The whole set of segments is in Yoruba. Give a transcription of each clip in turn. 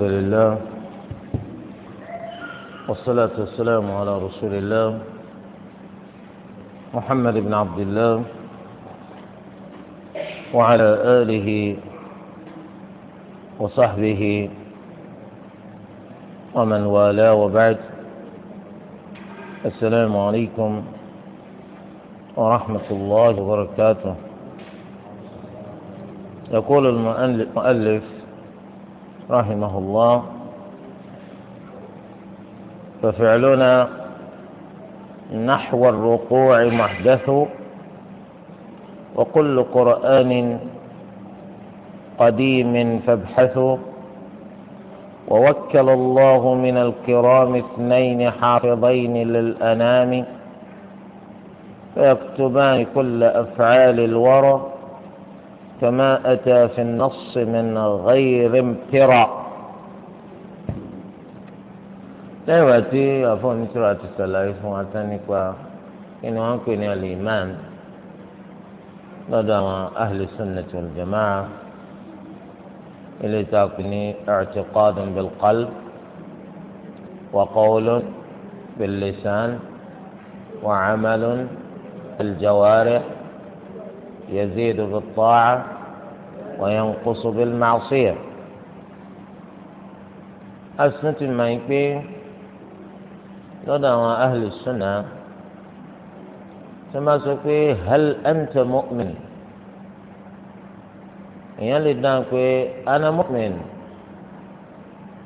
الحمد لله والصلاة والسلام على رسول الله محمد بن عبد الله وعلى آله وصحبه ومن والاه وبعد السلام عليكم ورحمة الله وبركاته يقول المؤلف رحمه الله ففعلنا نحو الركوع محدث وكل قرآن قديم فابحثوا ووكل الله من الكرام اثنين حافظين للأنام فيكتبان كل أفعال الورى كما أتى في النص من غير امتراء لأنه يفهم سورة السلاة يسمع تنكوى إن وانكونا الإيمان لدى أهل السنة والجماعة إلي تاكني اعتقاد بالقلب وقول باللسان وعمل بالجوارح يزيد في الطاعة وينقص بالمعصية أسنة ما لدى أهل السنة تماسوا فيه هل أنت مؤمن يلي دانكوي أنا مؤمن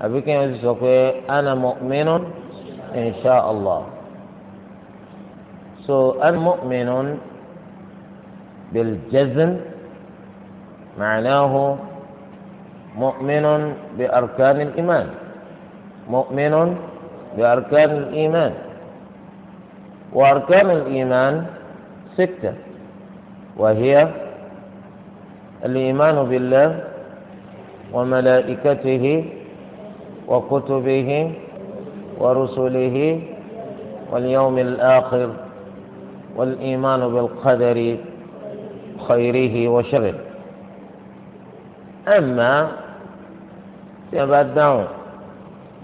أبيك يسوك أنا مؤمن إن شاء الله so, أنا مؤمن بالجزم معناه مؤمن بأركان الإيمان مؤمن بأركان الإيمان وأركان الإيمان ستة وهي الإيمان بالله وملائكته وكتبه ورسله واليوم الآخر والإيمان بالقدر خيره وشره أما سيبعد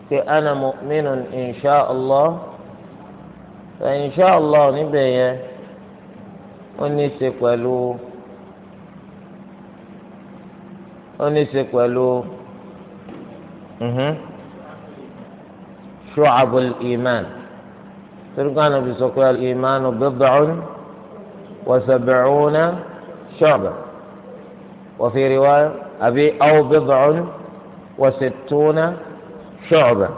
في أنا مؤمن إن شاء الله فإن شاء الله نبي ونسك ولو ونسك ولو شعب الإيمان ترقى النبي صلى الإيمان بضع وسبعون شعبة وفي رواية أبي أو بضع وستون شعبة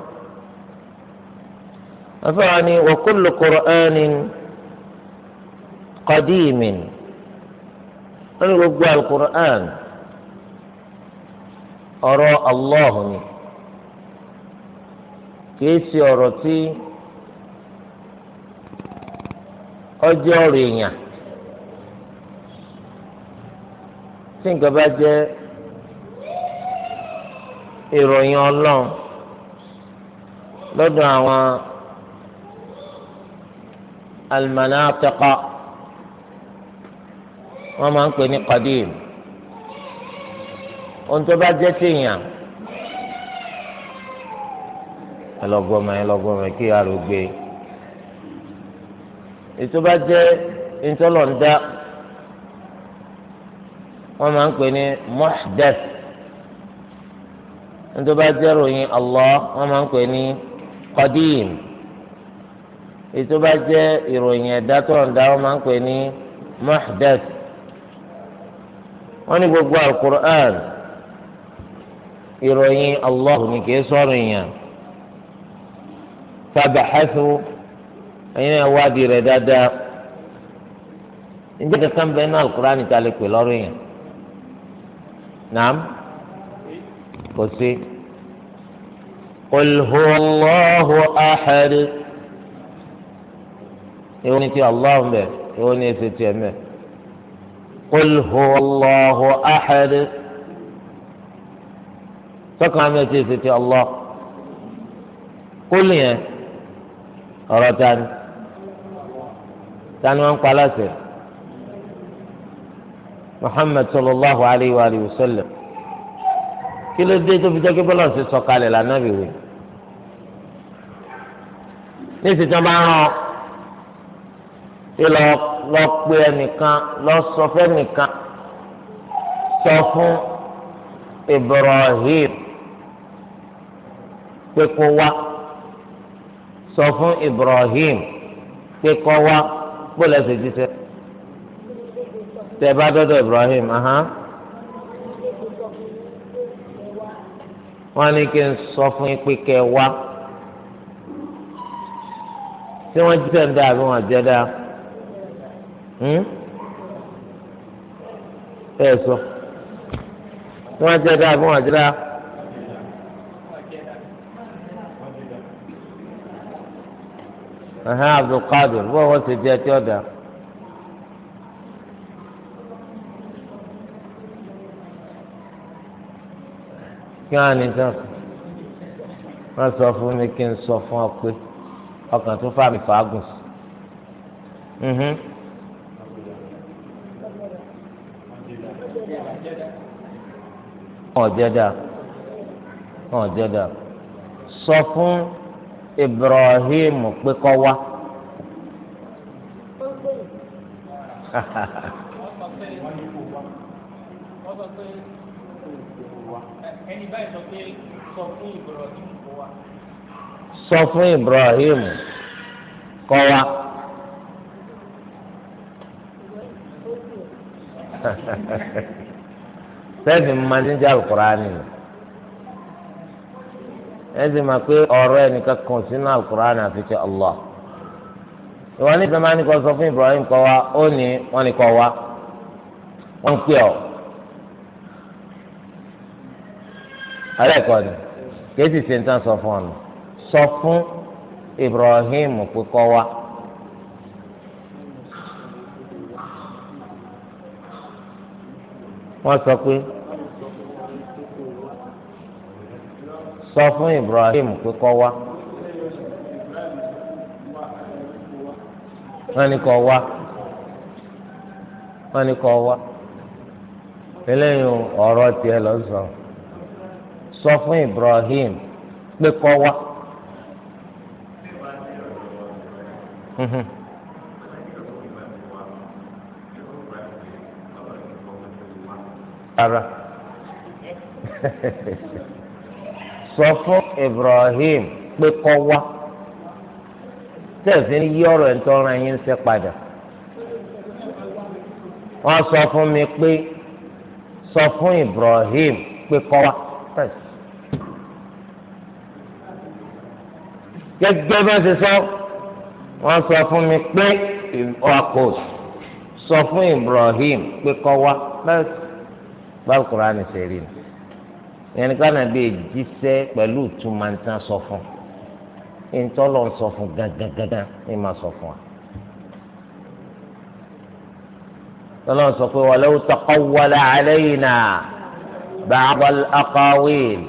فعني وكل قرآن قديم نلقى القرآن أرى الله كيسي أرتي أجوري tí nǹkan bá jẹ́ ìròyìn ọlọ́run lọ́dọ̀ àwọn almanatiqa wọ́n máa ń pè ní qadim ohun tó bá jẹ́ tèèyàn ẹlọgọmọ ẹlọgọmọ kí arò gbé ètò bá jẹ́ ntọ́lọ̀ ń dá wọ́n máa ń pè ní muhdath nítorí bá jẹ́ ròyìn Allah wọ́n máa ń pè ní qadim ètò bá jẹ́ ìròyìn ẹ̀dá tó ń da wọ́n máa ń pè ní muhdath wọ́n ní gbogbo alukur'an ìròyìn Allah ní kìí sọ̀rọ̀ yẹn fabahathu ẹ̀yin náà wádìí rẹ̀ dáadáa ǹjẹ́ kankan bẹ́ẹ̀ ní alukur'an ní ta lè pè lọ́rọ̀ yẹn. نعم. kò قل هو الله أحد يونيتي الله مبه يونيتي تي قل هو الله أحد سكنا متي الله قل يا أرى تاني تاني وانقلاسي muhammed sallallahu alayhi wa sallam kí ló dé tó fi jẹ́ kí bọ́lá ṣe sọ̀kalẹ̀ lànàbì wẹ̀ ní ìsìtàn bá rán ìlọ lọ pé ẹnìkan lọ sọ fẹ́nìkan sọ fún ibrahim pé kó sọ fún ibrahim pé kó wá gbọ́dọ̀ tẹ bá dọ́dọ̀ Ibrahim aha wọ́n ní kí n sọ fún yín pé kẹ́ wá tí wọ́n jí sẹńdá àbí wọ́n jẹ dá hmm? ẹ sọ tí wọ́n jẹ àbí wọ́n jẹ dá. Aha Abdulkadir bọ́ọ̀ wọ́n ti jẹ tí ọ̀dà. kí wọn ní tán wọn sọ fún mi kí n sọ fún ọ pé ọkàn tó fà mí fàágùn sí. Mm-hmm. ọ̀jẹ̀dà ọ̀jẹ̀dà sọ fún Ibrahim pé kọ́ wá. ẹni báyìí sọ pé sọ fún Ibrahim kó wa. sọ fún Ibrahim kó wa. sẹ́ẹ̀sì máa ń jẹ́ alukurani ẹ̀sìn máa pé ọ̀rọ̀ ẹnìkan kan sínú alukurani àfi ṣe Allah ìwọ ní ìgbà máa sọ fún Ibrahim kó wa ó ní wọ́n ní kó wa wọ́n ń pè ọ́. alẹ́kọ̀ọ́ ni kéésì ṣe ń tán sọ fún ọ̀nà sọ fún Ibrahim pé wa. wọ́n sọ pé sọ fún Ibrahim pé wa. wọ́n ní kọ́ wa wọ́n ní kọ́ wa eléyìí ọ̀rọ̀ tiẹ̀ lọ sọ. sọ fún Ibrahim pé kọ́ wá. Mhm. ara sọ fún Ibrahim pé kọ́ wá tẹ̀sí yí ọ̀rọ̀ ẹ̀ ń tọ́ra yín ń sẹ́ padà wọ́n sọ fún mi pé sọ fún Ibrahim pé kọ́ wá gẹ́gẹ́ bá ṣe sọ wọ́n sọ fún mi pé ọkọ̀ sọ fún Ibrahim pé kọ́ wá bẹ́ẹ̀ bálùkùrá ni ṣe rí ni ìyẹn nìkan náà bí jíṣẹ́ pẹ̀lú ìtumọ̀ níta sọ fún ìtọ́lọ̀ sọ fún gangan ní ma sọ fún wa. tọ́lọ̀ sọ pé walau taqawwala alayna ba'd al-aqawil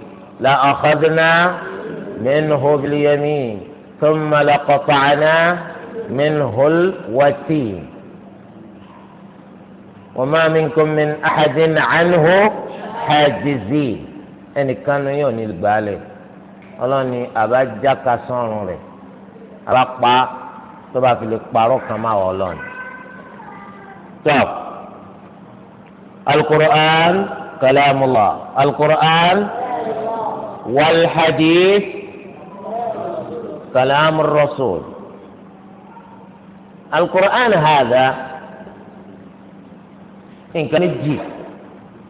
la akhadna. منه باليمين ثم لقطعنا منه الوتين وما منكم من أحد عنه حاجزين أني كانوا يوني البالي ألاني أبجاك صنري رقبا تبا في الإقبارو كما أولاني طب القرآن كلام الله القرآن والحديث كلام الرسول القرآن هذا إن كان الجي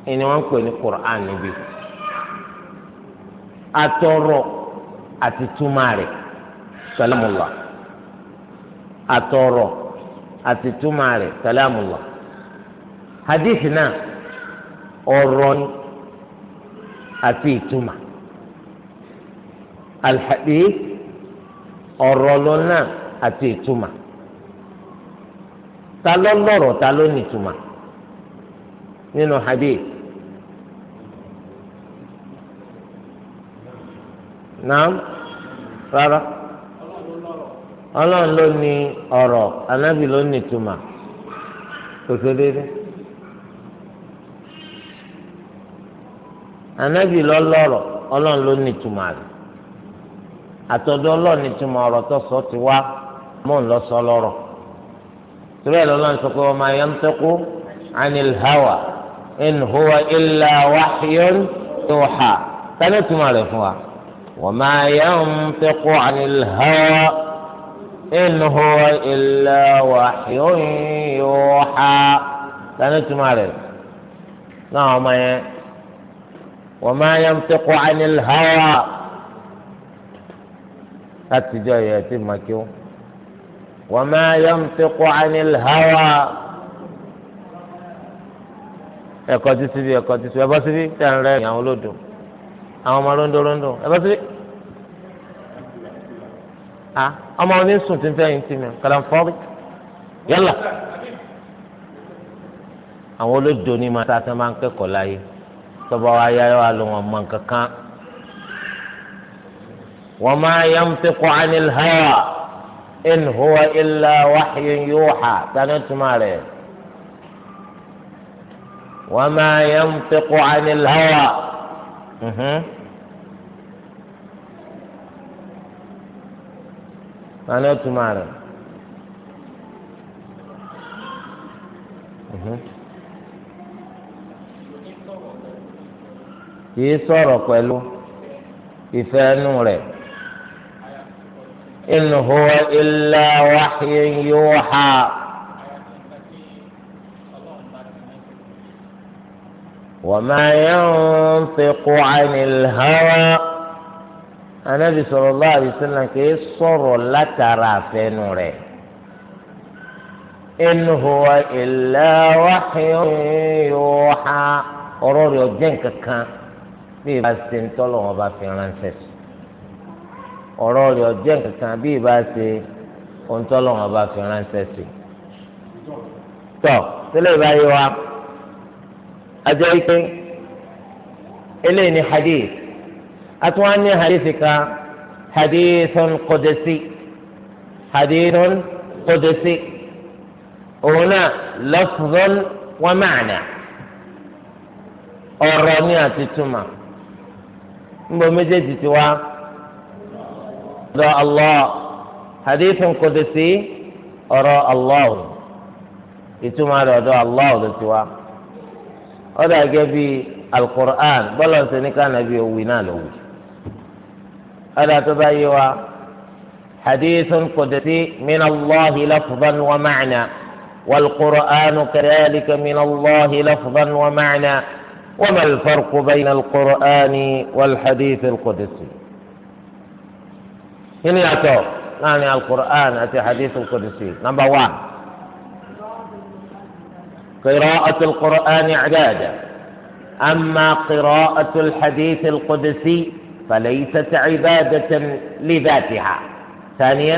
إن يكون القرآن نبي أتورو أتتماري سلام الله أتورو أتتماري سلام الله حديثنا أورون أتيتما الحديث Ọrọ lọ́nà àti ìtumà ta ló lọ́rọ̀ ta ló ní ìtumà nínú hadith naam rárá ọlọ́run ló ní ọ̀rọ̀ anábì ló ní ìtumà àtọ̀dọ̀ ọlọ́run ni túmọ̀ ọ̀rọ̀ tó sọ ti wá mọ̀ ń lọ sọ lọ́rọ̀ torí ẹ̀ lọ́lọ́run sọ pé wa ma yantiqu anil hawa in huwa illa wahyun yuha tani túmọ̀ rẹ̀ fún wa wa ma yantiqu anil hawa in huwa illa wahyun yuha tani túmọ̀ rẹ̀ náà ọmọ yẹn wa ma yantiqu anil hawa látijọ́ yẹ ti mọ̀ kí ó. wa ma yantiqu anil hawa ẹ̀kọ́ ti síbi ẹ̀kọ́ ti síbi ẹ̀bọ́ síbi tẹ̀ ń rẹ́ ìyàwó lòdù àwọn ọmọ rondo rondo ẹ̀bọ́ síbi. ọmọ onísùn ti ń fẹ́ yín ti mi kàlàǹfọ́ọ̀rì yálà àwọn olódò ni màá sá tán máa ń kẹ́kọ̀ọ́ láyé tọ́ba wa yá yọ àlọ́ wọn mọ nǹkan kan. وما ينطق عن الهوى إن هو إلا وحي يوحى تنتماري وما ينطق عن الهوى تنتماري kì í sọ̀rọ̀ pẹ̀lú ìfẹ́ ẹnu rẹ̀. إن هو إلا وحي يوحى وما ينطق عن الهوى النبي صلى الله عليه وسلم كي صر لك ترى في نوره إن هو إلا وحي يوحى أرور يجنك كان في بس تنتظر وبا في رانسس ọ̀rọ̀ rẹ̀ ọ̀jẹ́ nǹkan bí ìbá ṣe ohun tọ́lọ́wọ́n bá fi ránṣẹ́ sí i. tọ́ sílẹ̀ ìbáyé wa ajẹ́ ike eléyìí ni hadith àtúwọ́n á ní hadith kan hadithun qudsi hadithun qudsi òun náà lafzun wa ma'na ọ̀rọ̀ ni àti túmọ̀ nbọ méjèèjì ti wá ọ̀dọ̀ allah hadith qudsi ọ̀rọ̀ allah ìtumọ̀ rẹ̀ ọ̀dọ̀ allah ló ti wá ọ̀dọ̀ àgẹ́ bí alukur'an bọ́lá ṣe ní ká nàbí owó náà ló wù ọ̀dọ̀ tó bá wa hadith qudsi min allah lafzan wa ma'na والقرآن كذلك من الله لفظا ومعنى وما الفرق بين القرآن والحديث القدسي kí ni yàtọ̀ láàrin alukur'an àti hadith al-qudsi nàmbà wán qira'atu al-qur'ani i'dada amma qira'atu al-hadith al-qudsi falaysat ibadatan li dhatiha ثانيا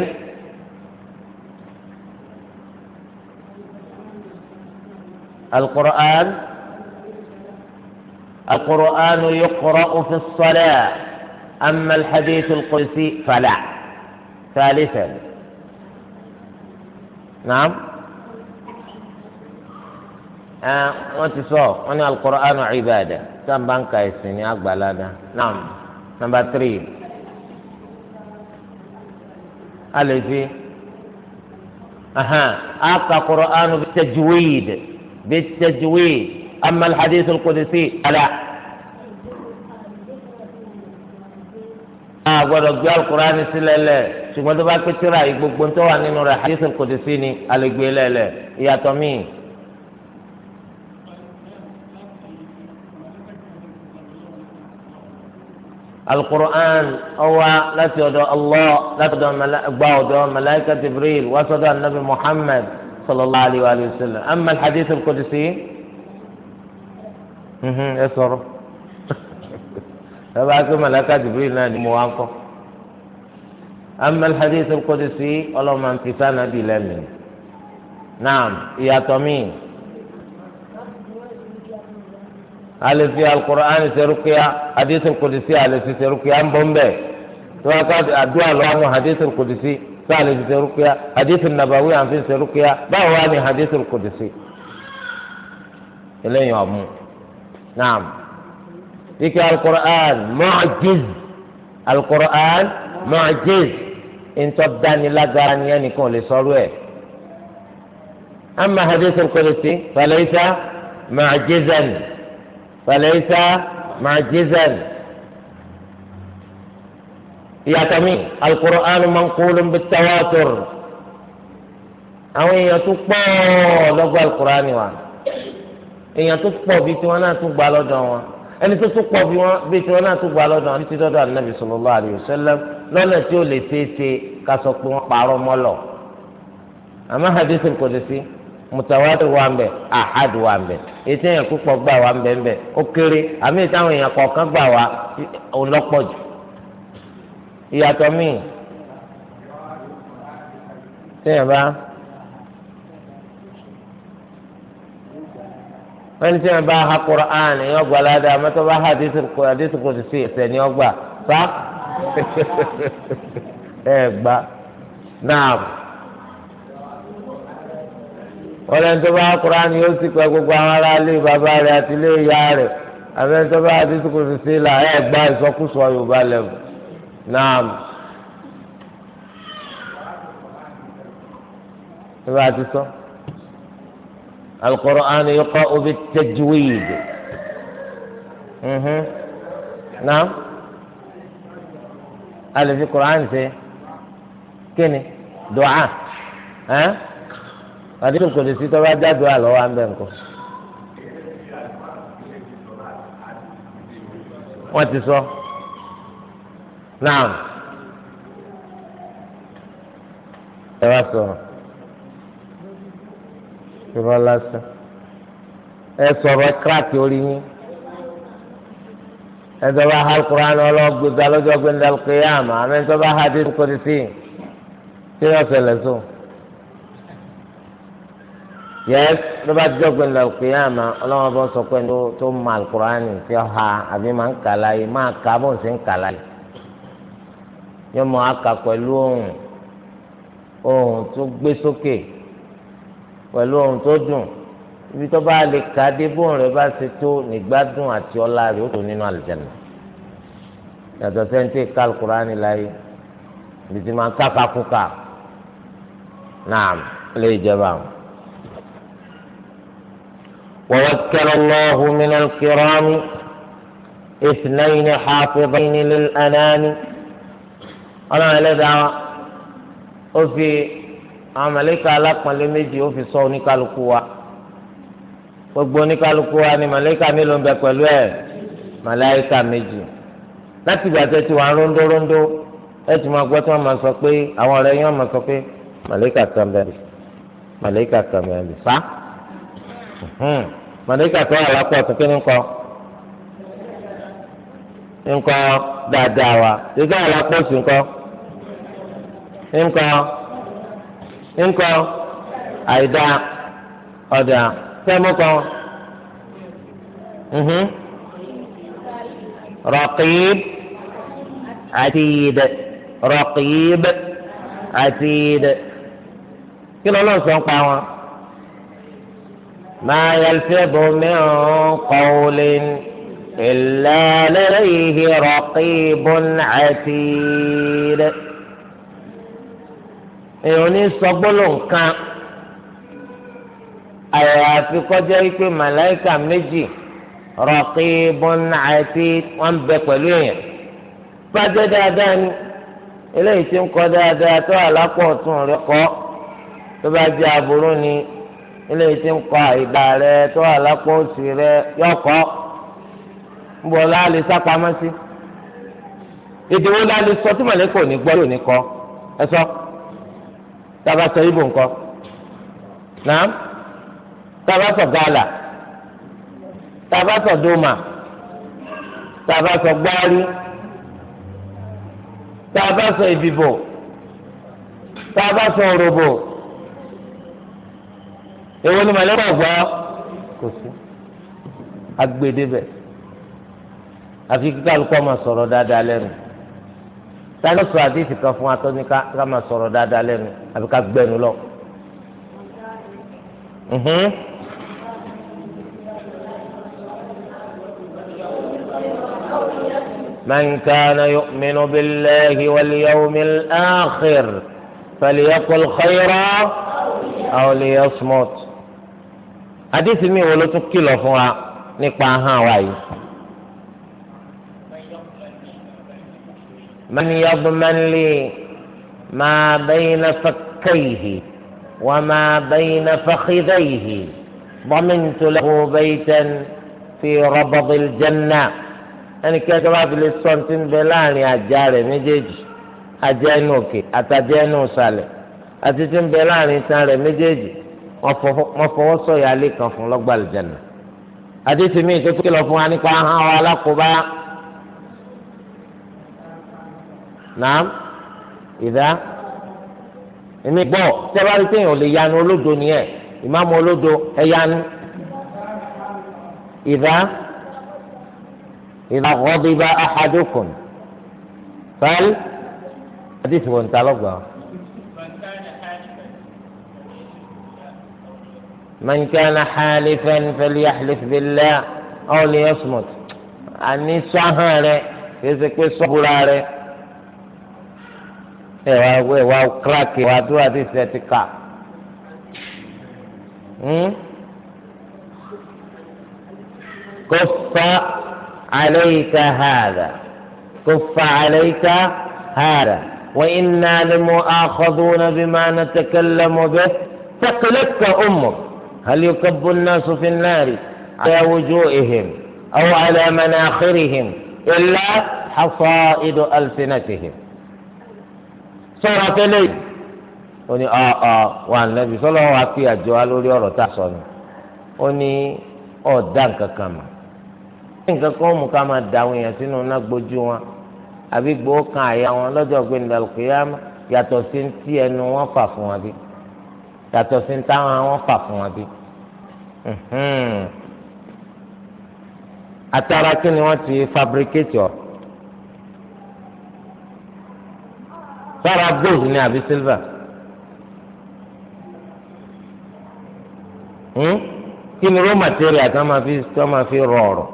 القرآن القرآن يقرأ في الصلاة أما الحديث القدسي فلا ثالثا نعم آه وتصوف أنا القرآن عبادة كم بانك يسيني أقبل هذا نعم نمبر 3 ألفي أها أقى قرآن بالتجويد بالتجويد أما الحديث القدسي فلا أقول آه، القرآن سلالة ṣùgbọ́n tó bá pé tíra yìí gbogbo tó wà nínú rẹ̀ hadith al ni àlègbè lẹ́lẹ̀ ìyàtọ̀ míì. القرآن هو لا تدع الله لا تدع ملائكة ملائكة جبريل وصدى النبي محمد صلى الله عليه وآله وسلم أما الحديث القدسي يسر هذا ملائكة جبريل نادي موافق أما الحديث القدسي اللهم أنت سندي لمن نعم يا تمين هل في القرآن سرقيا حديث القدسي هل في سرقيا أم بومبي وقد أدعى الله حديث القدسي سهل في سرقيا حديث النبوي عن في سرقيا بواني حديث القدسي إلين يوم نعم ذكر القرآن معجز القرآن معجز ntọ́ dánilágara ni ẹnìkan ò lè sọ̀rọ̀ ẹ̀. ama hadith al-qudsi falaysa ma'jizan falaysa ma'jizan. ìyàtọ̀ mi al-Qur'an manqulun bit-tawatur àwọn èèyàn tó pọ̀ lọ́gbọ́ al-Qur'an wa èèyàn tó pọ̀ bíi tiwọn náà tún gbà lọ́dọ̀ wọn ẹni tó tún pọ̀ bíi tiwọn náà tún gbà lọ́dọ̀ wọn ní ti anabi sallallahu alayhi wa sallam lọ́nà tí ó lè ṣeé ṣe ká sọ pé wọ́n parọ́ mọ́lọ̀ àmọ́ hadithi kò lè sí mutawatir wà ń bẹ ahad wà ń bẹ ètò èèyàn púpọ̀ gbà wà ń bẹ ń bẹ ó kéré àmì ìtàwọn èèyàn kọ̀ọ̀kan gbà wà ọlọ́pọ̀ jù ìyàtọ̀ míì téèyàn bá wọ́n ní téèyàn bá ha Qur'an yóò gbà ládàá mọ́tò bá hadithi kò sí ẹ̀sẹ̀ ni ó gbà sá. ẹ gbà náà ọlẹ́ni tó bá Kùránì yóò sì pẹ́ gbogbo àwọn ará ilé bàbá rẹ̀ àti ilé ìyá rẹ̀ abẹ́ni tó bá sísè là ẹ gbà ìsọkúsọ Yorùbá lẹ́wọ̀ náà. ìbá ti sọ Al-Qur'an yuqra'u bit-tajwid. Mhm. naam alẹ́ fi Qur'an ṣe kíni dùá ẹ́ àdìsí kò lè sí tọ́ba jáde wà lọ́wọ́ à ń bẹ̀ nǹkan. wọ́n ti sọ náà ẹ wá sọ̀rọ̀ ìrọ̀ lásán ẹ sọ̀rọ̀ kíláàkì orí yín ẹnitọba alukur'an ọlọgbèsè alọjọ gbẹndé alukiyama àmì ẹnitọba hadi kọdísì tí yọ ṣẹlẹ̀ so yẹs lọba jọ gbẹndé alukiyama ọlọmọ bọ sọ pé tó ma alukur'an tí ọ ha àbí máa ń kàlà yìí máa kà bó ń sè ń kàlà yìí yọ mọ aka pẹ̀lú ohun ohun tó gbé sókè pẹ̀lú ohun tó dùn ibi tó bá lè kà dé bóun rẹ bá ṣe tó nígbádùn àti ọlá rẹ ó tó nínú àlùjánnà yàtọ̀ sẹ́ńtì kálukúránì láyé ibi tí máa kákàkúkà náà lè jẹba. ووكل الله من الكرام اثنين حافظين للأنام أنا لدى وفي عملك لقم لمجي وفي صوني كالكوا وقبوني كالكوا أني ملكة ملون بكوالوه ملائكة مجي láti ìgbà tẹ́ ti wà rondórondó ẹ ti máa gbọ́ tí wọ́n máa sọ pé àwọn ọ̀rẹ́ yẹn máa sọ pé màlẹ́kà kan bẹ̀rẹ̀ màlẹ́kà kan bẹ̀rẹ̀ fa hmm. màlẹ́kà kan wà lápò ọ̀tún kí ni kọ́ nǹkan dáadáa wa ṣèṣe àlápò sí nǹkan nǹkan nǹkan àìdá ọ̀dà tẹ́mú kan rọ̀kìí. عتيد رقيب عتيد كلا الله ما يلفظ من قول إلا لديه رقيب عتيد èèyàn ní sọgbọ́lọ̀ nǹkan àyàfi kọjá wípé màláìka méjì rọ̀kì bọ́nà àti wọ́n bẹ pẹ̀lú èèyàn bá jẹ́ dáadáa ni eléyìí ti ń kọ́ dáadáa tó àlápọ̀ ọ̀tún rẹ kọ́ tó bá ni eléyìí ti ń kọ́ àìdá rẹ tó àlápọ̀ òsì rẹ yọkọ́ ńbọ̀ láàlè sápamọ́ sí ìdíwọ́ láàlè sọ tí mọ̀lẹ́kọ̀ ní gbọ́ lónìí kọ́ ẹ sọ tába sọ ibò gàlà tába dòmà tába sọ tá a bá sọ ìdìbò tá a bá sọ òròbò èwo ni màlẹ́ ọ̀gbọ́ kò sí agbèdébẹ̀ e àfi kíkà lukọ́ máa sọ̀rọ̀ dáadáa lẹ́nu tani sọ àdéhìí kan fún atọ́ni ká máa sọ̀rọ̀ dáadáa lẹ́nu àfi ká gbẹnu lọ. Mhm. من كان يؤمن بالله واليوم الآخر فليقل خيرا أو ليصمت حديث مي ولو تكيلو فوا kìlọ̀ هاواي من يضمن لي ما بين فكيه وما بين فخذيه ضمنت له بيتا في ربض الجنه ẹnikẹ́ni tó bá fi lè sọ ti ń bẹ láàrin àjà rẹ̀ méjèèjì àjà inú òkè àtàjà inú ìsàlẹ̀ àti ti ń bẹ láàrin itan rẹ̀ méjèèjì wọ́n fọwọ́ sọ̀yà alẹ́ kan fún lọ́gbà àlùjáná àdéhùn mi tó kìlọ̀ fún wa nípa ahọ́n wa alákòóbá nàám ìdá èmi gbọ́ tẹ́wárí téèyàn lè yanu olódo nìyẹn ìmáàmù olódo ẹ̀yanu ìdá. إذا غضب أحدكم فل حديث وانت لغة من كان حالفا فليحلف بالله أو ليصمت أني سهر يزكي صبر ẹ wá ẹ wá kíláàkì wá dúró àti sẹtìkà عليك هذا كف عليك هذا وإنا لمؤاخذون بما نتكلم به تقلك أمك هل يكب الناس في النار على وجوههم أو على مناخرهم إلا حصائد ألسنتهم سورة الليل وني آه آه o النبي صلى الله عليه وسلم ajo alori ọdá nǹkan kan mú ká máa dà àwọn èèyàn sínú iná gbójú wọn àbí gbowó kan àyà wọn lọ́jọ́ gbẹ̀ndà lùkìyàmù yàtọ̀ sí ti ẹnu wọn fà fún wọn bí yàtọ̀ sí táwọn wọn fà fún wọn bí. àtàrà kí ni wọ́n ti fabricate ọ̀ sára gold ni àbí silver. kí ni raw material tí wọ́n máa fi rọ̀ ọ̀rọ̀.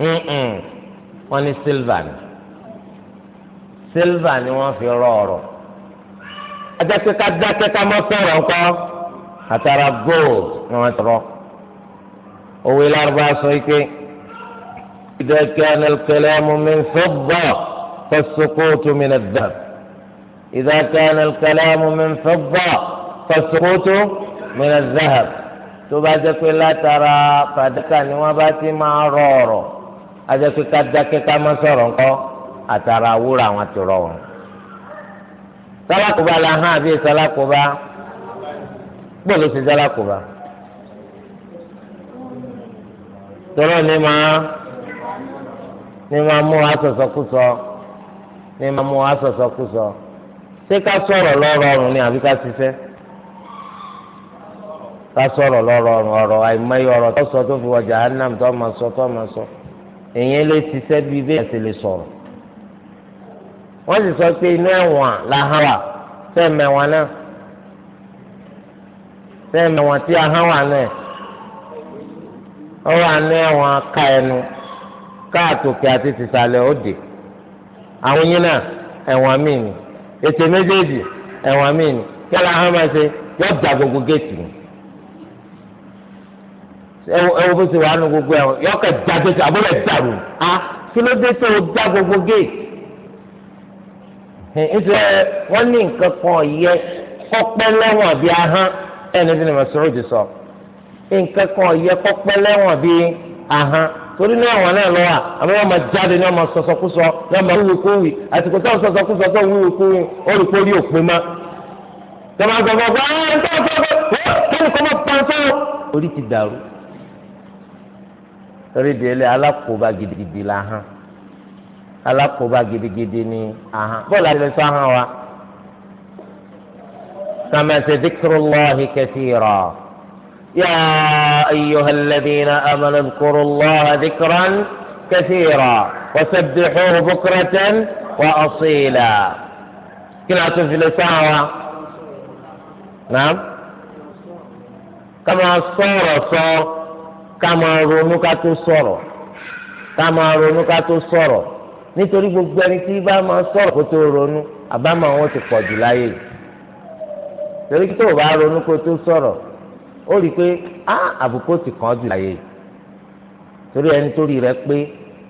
wọ́n ní silva ni silva ni wọ́n fi rọ ọ̀rọ̀ ajá pé ká dákẹ́ ká mọ́ sọ̀rọ̀ ńkọ́ àtàrà gold ni wọ́n tọrọ òwe lárúbá sọ pé ìdẹ́kẹ́ ẹnìkẹlẹ́ mú mi fọ́bọ̀ fọ́sọ́kóòtù mi nà dà إذا كان الكلام من فضة فالسكوت من الذهب tó bá jẹ́ látara fàdákà ni wọ́n bá ti máa rọrọ. ajẹ́ pé ká dákẹ́ ká má sọ̀rọ̀ ńkọ́ àtàrà wúrà àwọn ti rọ̀ wọn. sálákùbá la hàn àbí sálákùbá gbọ́dọ̀ ló sálákùbá. tọ́lọ́ ni máa ni máa mú asọ̀sọ̀kúsọ ni máa mú asọ̀sọ̀kúsọ ṣé ká sọ̀rọ̀ lọ́rọ̀ ni àbí ká ṣiṣẹ́ ká sọ̀rọ̀ lọ́rọ̀ ọ̀rọ̀ àìmọye ọ̀rọ̀ tó sọ tó fi wọ jahannam tó máa sọ tó máa sọ èyàn lè ṣiṣẹ́ bíi bẹ́ẹ̀ sì lè sọ̀rọ̀ wọ́n sì sọ pé inú ẹ̀wọ̀n làhánwà sẹ́ẹ̀mẹ̀wọ̀n náà sẹ́ẹ̀mẹ̀wọ̀n tí ahánwà náà wọ́n wà ní ẹ̀wọ̀n ká ẹnu káàtòkè àti tìsàlẹ̀ òde àwọn yín náà ẹ̀wọ̀n míì ni ètè méjèèjì ẹ̀wọ̀n míì ni kí ẹ̀ làhánwà ṣe yọ̀ọ́ dà gbogbo géètì ni ẹ wo bó ṣe wà nù gbogbo ẹ yọ kẹ já gbèsè àbúrò ẹ dàrú a kí ló dé tó o já gbogbo géètì nítorí wọn ní nǹkan kan yẹ kọpẹ lẹ́wọ̀n bíi ahọ́n ẹni tí ni màsúrò ti sọ nǹkan kan yẹ kọpẹ lẹ́wọ̀n bíi ahọ́n torí ní àwọn náà lọ wà àmọ́ wọn máa jáde ní wọn máa sọsọkúsọ ní wọn máa wúwo kówì àsìkò tó ń sọsọkúsọ tó ń wúwo kówì olùkórí òpin má tọ́mọ àgbàgbà ọ̀gá ẹ̀ ń tọ́ ọ̀gá ẹ̀ ń tọ́ ọ̀gá ẹ̀ ń tọ́ ọ̀gá orí ti dàrú torí di ilé alákòóbá gidigidi la hàn alákòóbá gidigidi ni ahàn bọ́ọ̀lù àti ẹ̀sọ́ ahàn wa sàmẹ̀sẹ̀ dìkìrúlọ́ọ̀hì kẹsìrọ̀ yà ayọ̀hẹ́lẹ́dínà amẹnukúrúlọ́ọ̀hì dìkìrán kẹsìrọ̀ wọ́sẹ̀dìxúhù bùkúrẹ́tẹ̀n wà ọ̀sìlà kí ni tún file lè sọ ahàn wa nàá kàmá sọ̀rọ̀ sọ̀rọ̀. ká máa ronú ká tó sọ̀rọ̀ ronú ká tó nítorí gbogbo ẹni tí bá máa sọ̀rọ̀ kó tó ronú àbámọ̀ wọn ti pọ̀ jù láyé torí tó o bá ronú kó tó sọ̀rọ̀ ó rí i pé á ti kàn jù láyé torí ẹni tó rí rẹ pé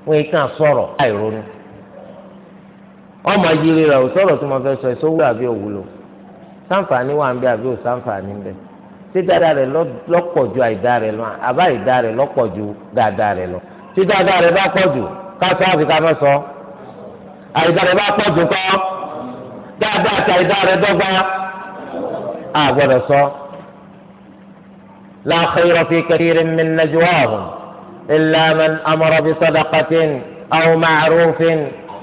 wọn kàn sọ̀rọ̀ ronú.' ọmọ yiri rẹ ò sọ̀rọ̀ tó máa sọ ẹ̀ sówúlò àbí òwúlò sáǹfààní wà ṣé dáadáa rẹ̀ lọ́pọ̀ ju àìdá rẹ̀ lọ àbá àìdá rẹ̀ lọ́pọ̀ ju dada rẹ̀ lọ tí dada rẹ̀ bá pọ̀ jù káṣá àfi ká fẹ́ sọ àìdá rẹ̀ bá pọ̀ jù kọ́ dada àti àìdá rẹ̀ dọ́gba àgbọ̀dọ̀ sọ. fi لا خير في كثير من نجواهم إلا من أمر بصدقة أو معروف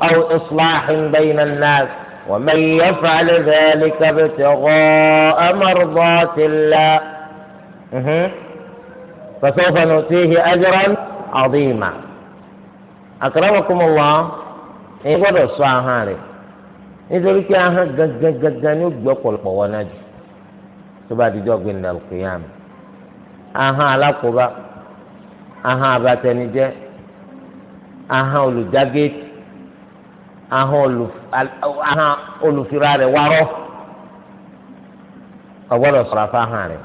àwọn إصلاح بين náà. ومن يفعل ذلك ابتغاء مرضات الله فسوف نؤتيه أجرا عظيما أكرمكم الله ẹ gbọ́dọ̀ ṣọ́ ahọ́n rẹ̀ nítorí pé ahọ́n gangan gangan ni ó gbé ọ̀pọ̀lọpọ̀ wọn náà jù tó bá dijọ́ gbé ní alùpùpù ahọ́n alákòóbá ahọ́n abatẹnijẹ́ ahọ́n olùdágéètì Aha olùfira rẹ̀ wárọ́ ọgbọ́dọ̀ sọ̀rọ̀ afáhàn rẹ̀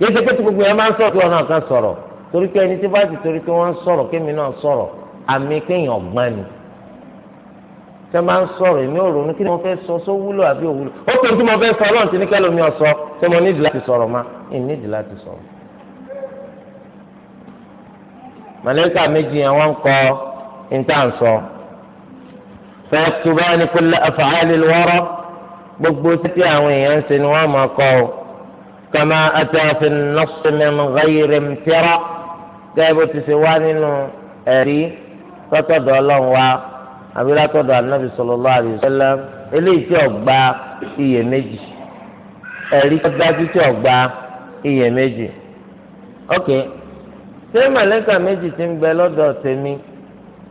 yóò ṣe pé yẹn máa ń sọ̀rọ̀ tí wọn náà kan sọ̀rọ̀ torí pé ẹni tí bá ti torí pé wọ́n ń sọ̀rọ̀ kémi náà sọ̀rọ̀ àmì kéèyàn ọ̀gbọ́n ni tẹ máa ń sọ̀rọ̀ èmi ò ronú kí ni mo fẹ́ sọ sọ wúlò àbí òwúlò ó mo sọ ọlọ́run ní nǹkan sọ. fayaktubani kulla af'ali al-wara gbogbo títí àwọn èèyàn ń ṣe ni wọ́n máa kọ́ ọ. kama ata fi an-nass min ghayri imtira gẹ́gẹ́ bó ti ṣe wá nínú ẹ̀rí tọ́tọ̀dọ̀ ọlọ́run wa àbí látọ̀dọ̀ anábì sallallahu alaihi wasallam eléyìí tí ọ̀gbà iyèméjì ẹ̀rí tó dájú tí ọ̀gbà iyèméjì. ok ṣé méjì ti ń bẹ lọ́dọ̀ tèmi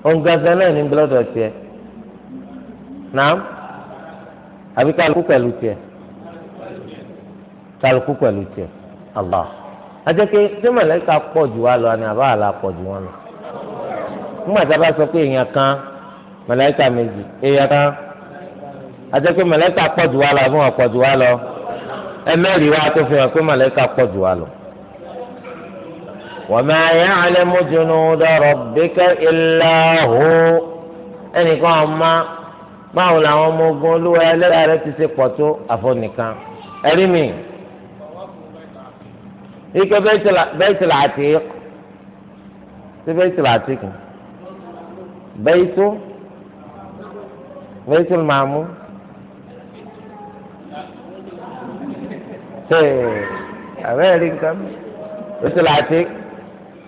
òun gangan náà ní bílọ́dọ̀ tiẹ̀ náà àbí kálukú pẹ̀lú tiẹ̀ kálukú pẹ̀lú tiẹ̀ Allah àjẹkẹ́ tí mọ̀lẹ́ka pọ̀ jù wá lọ ni àbá àlà pọ̀ jù wọn lọ nígbà tí a bá sọ pé èèyàn kan mọ̀lẹ́ka méjì èèyàn kan àjẹkẹ́ mọ̀lẹ́ka pọ̀ jù wá lọ àbí wọn pọ̀ jù wá lọ ẹ̀mẹ́rìí wa tó fi hàn pé mọ̀lẹ́ka pọ̀ jù wá lọ. وما يعلم جنود ربك إلا هو ẹnì kan ọmọ báwo làwọn ọmọ ogun olúwa ẹlẹ́yà rẹ ti ṣe pọ̀ tó àfọ̀nìkan ẹ̀rí mi ike bẹ́ẹ̀tìlà àti sí bẹ́ẹ̀tìlà àti kù bẹ́ẹ̀tù bẹ́ẹ̀tù màmú ṣe àbẹ́rẹ́ nǹkan bẹ́ẹ̀tìlà àti kù.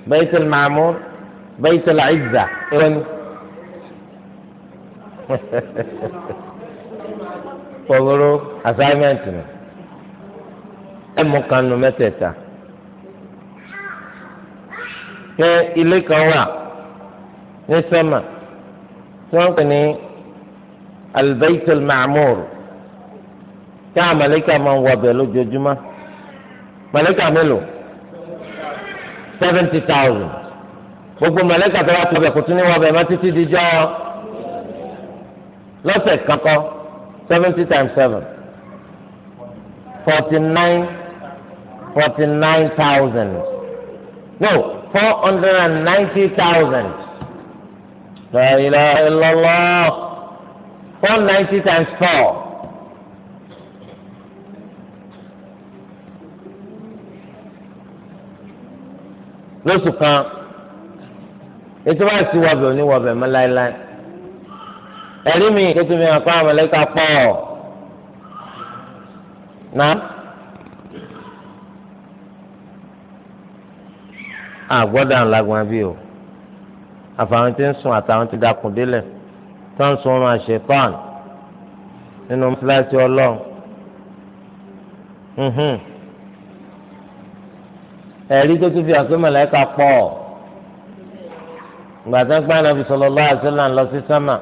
بيت المعمور، بيت العزة، ìrẹ́nu. pọ̀wọ́rọ́ assignment nù ẹ mú kanu mẹ́tẹ̀ẹ̀ta ṣé ilé kan wà ní sẹ́mà tí wọ́n pè ní albaitul ma'mur tí àwọn màlẹ́kà máa ń wọ ọbẹ̀ lójoojúmọ́ màlẹ́kà mélòó seventy thousand gbogbo mọ̀lẹ́kà tó bá tó bẹ̀ kó tún ní wọ́n bẹ̀ má títí di jọ́ lọ́sẹ̀ kankọ́ seventy times seven forty nine forty nine thousand no four hundred and ninety thousand la ilaha illallah four ninety times four. lóṣù kan ètò bá sì wọbẹ òní wọbẹ mọ láéláé ẹrí mi ètò mi àpá àmọlẹka pọ na àgbọ́dọ̀ àlágbọ́n bí o àfàwọn tí ń sùn àtàwọn tí dakùn délẹ̀ tó ń sùn máa ṣe pọ́n nínú mọ́tíláṣí ọlọ́run ẹ̀rí tó tún fi hàn pé mọ̀lẹ́ka pọ̀ gbàtàgbà nàbì sallallahu alaihi wasallam lọ sí sámà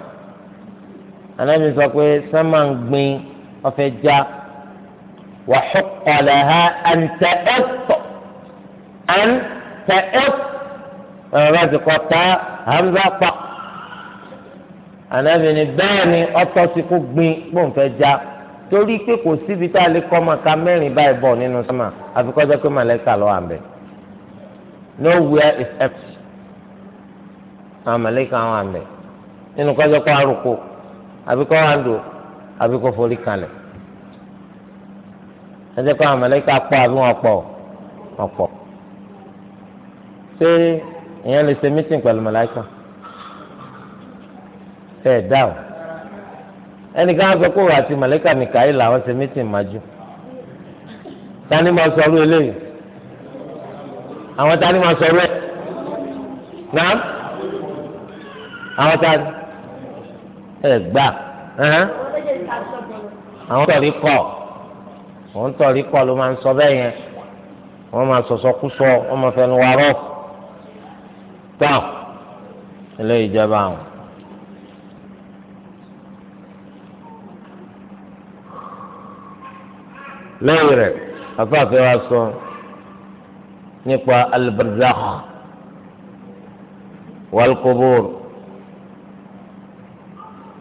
anábì sọ pé sámà ń gbin ọ̀fẹ́ já wà haqqa laha an ta'aff an ta'aff ọ̀rọ̀ bá ti kọ́ tá hamza pa anábì ni bẹ́ẹ̀ ni ọtọ́ sí kó gbin gbòǹfẹ́ já torí pé kò síbi tá a lè kọ́ ọmọ ká mẹ́rin báyìí bọ̀ nínú sámà àfikọ́jọ́ pé mọ̀lẹ́ka lọ́wọ́ àbẹ̀ nowhere is empty àwọn mẹlẹka wà mẹ nínú kọjọ kọ arúgbó àbí kọ hàndó àbí kọ forí kalẹ̀ ẹjẹ kọ àwọn mẹlẹka pọ̀ àbí wọn pọ̀ wọn pọ̀ ṣé ìyẹn lè ṣe mítìn pẹ̀lú mẹlẹka ẹ dá o ẹnìkan sọ pé òun àti mẹlẹka nìkàyé làwọn ṣe mítìn májú tani ma sọ ọ̀rọ̀ eléyìí àwọn ta ni máa sọ bẹ́ẹ̀ náà àwọn ta ẹ gbà àwọn tọ̀rí kọ̀ àwọn tọ̀rí kọ̀ ló máa ń sọ bẹ́ẹ̀ yẹn wọ́n máa sọ̀sọ́ kú sọ wọ́n máa fẹnu wa rọ̀ tó ilé ìjọba àwọn. lẹ́yìn rẹ̀ afáfẹ́ wa sọ. So. نقوى albarzakh والقبور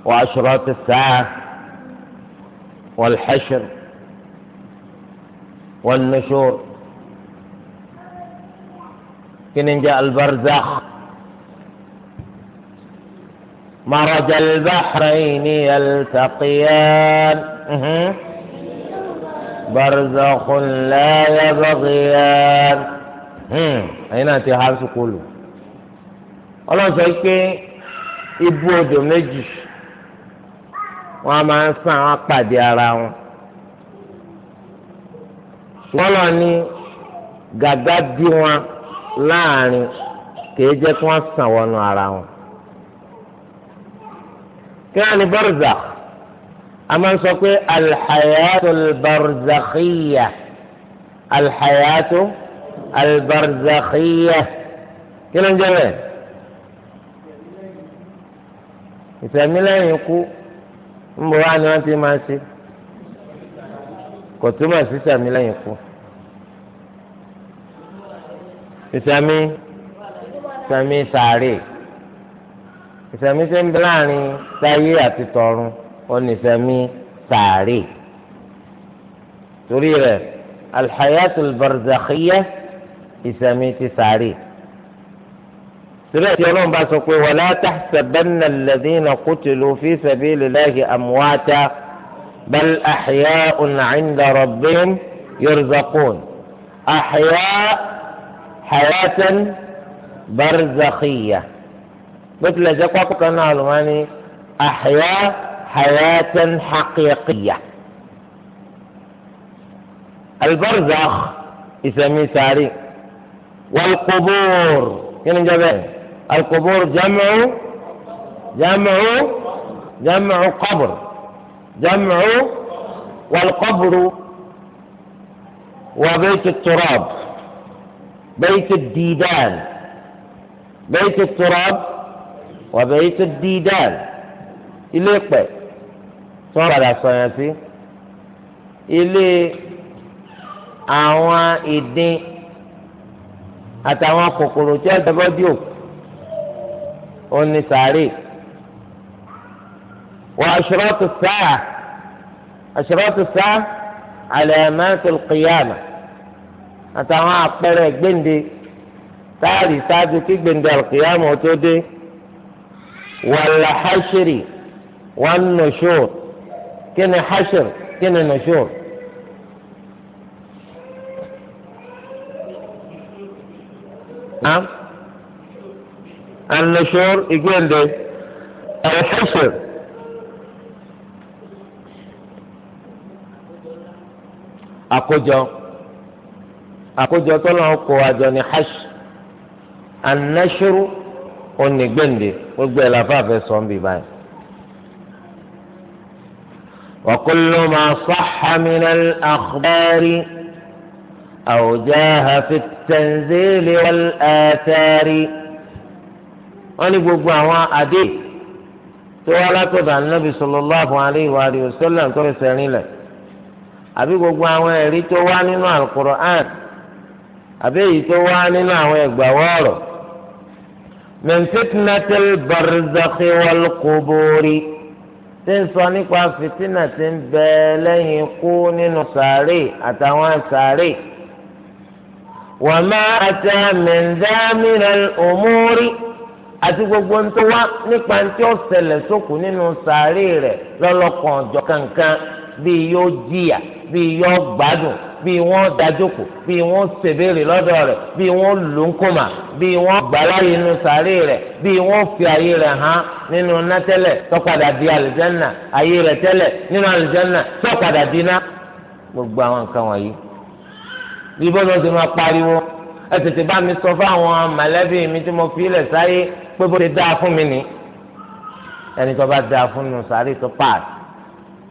wa ashrati والحشر saah walhashr والنشور كننجا البرزخ مرج البحرين يلتقيان برزخ لا يبغيان Hmm, ẹ̀yin náà ti há sukulu ọlọ́sọ pé ibú odò méjì wọn a máa ń sàn wọn pàdé ara wọn wọn lọ ní gàgá bí wọn láàrin kìí jẹ́ kí wọ́n sàn wọnú ara wọn kí wọ́n ní barzakh a máa ń sọ pé alhayatu barzakhiyya alhayatu albarzakhiya kí ló ń jẹ́ bẹ́ẹ̀ ìsẹ̀mí lẹ́yìn ikú ń bọ̀ wá ni wọ́n ti máa ṣe kò túmọ̀ sí ìsẹ̀mí lẹ́yìn ikú ìsẹ̀mí ìsẹ̀mí sàárè ìsẹ̀mí tí ń bẹ láàrin táyé àti tọ̀run ó ní ìsẹ̀mí sàárè torí rẹ̀ alhayatul barzakhiya. isami ti sàárè síbẹ̀ ọlọ́run bá sọ pé wala tahsabanna alladhina qutilu fi sabilillahi amwata bal ahya'un 'inda rabbihim yurzaqun ahya' hayatan barzakhiya bó tilẹ̀ jẹ́ kó akọ́kọ́ náà lùmọ́ni ahya hayatan haqiqiyya albarzakh isami sàárè. والقبور كن جمع القبور جمع جمع جمع قبر جمع والقبر وبيت التراب بيت الديدان بيت التراب وبيت الديدان ilé pẹ̀ صار على padà إلي أوان sí àtàwọn kòkòrò tí ẹ dẹbọ dì o ó ní sàárè wà ashratu sáà ashratu sáà alamatul kiyama àtàwọn àpẹẹrẹ gbẹ̀ǹde saari sáájú kí gbẹ̀ǹde alqiyamah ó tó dé wal hashri wan nushur kí ni hasiri kí ni nushur. am anashor igbende alhassan àkójọ àkójọ tọ́lọ́ kó àjọ ní hash anashor onígbende gbogbo ẹ̀ láfa fẹ́ sọ ń bì báyìí. وكل ما صح من الأخبار أو جاه في التنزيل والآثار wọ́n ní gbogbo àwọn adé tó wá látọ̀dọ̀ ànábì sallallahu alayhi wa alihi wa sallam tó fẹsẹ̀ rinlẹ̀ àbí gbogbo àwọn ẹ̀rí tó wá nínú alukur'an àbí èyí tó wá nínú àwọn ẹ̀gbàwọ́ ọ̀rọ̀ min fitnatil barzakhi wal quburi tí ń sọ nípa fìtínà tí ń bẹ lẹ́yìn ikú nínú sàárè àtàwọn sàárè wàmà àti àmìndámìnà òmùrí àti gbogbo ń tó wá nípa tí ó ṣẹlẹ̀ sókù nínú sàárè rẹ̀ lọ́lọ́kan ọ̀jọ̀ kankan bíi yóò jìyà bíi yóò gbádùn bíi wọ́n dájókò bíi wọ́n ṣèbéèrè lọ́dọ̀ rẹ̀ bíi wọ́n lù ń kùmà bíi wọ́n gbàláyé inú sàárè rẹ̀ bíi wọ́n fi ayé rẹ̀ hàn nínú ná tẹ́lẹ̀ sọ́padà di àlùjẹ́nà ayé rẹ̀ tẹ́lẹ̀ nínú àlùjẹ́nà sọ́padà di ná gbogbo àwọn nǹkan wọ̀nyí bí bọ́lá ti máa pariwo ẹ tètè bá mi sọ fáwọn mọ̀lẹ́bí mi tí mo fi ilẹ̀ sáyé pé bó ti dáa fún mi ni ẹni tó bá dáa fún mi sàárè tó paàtì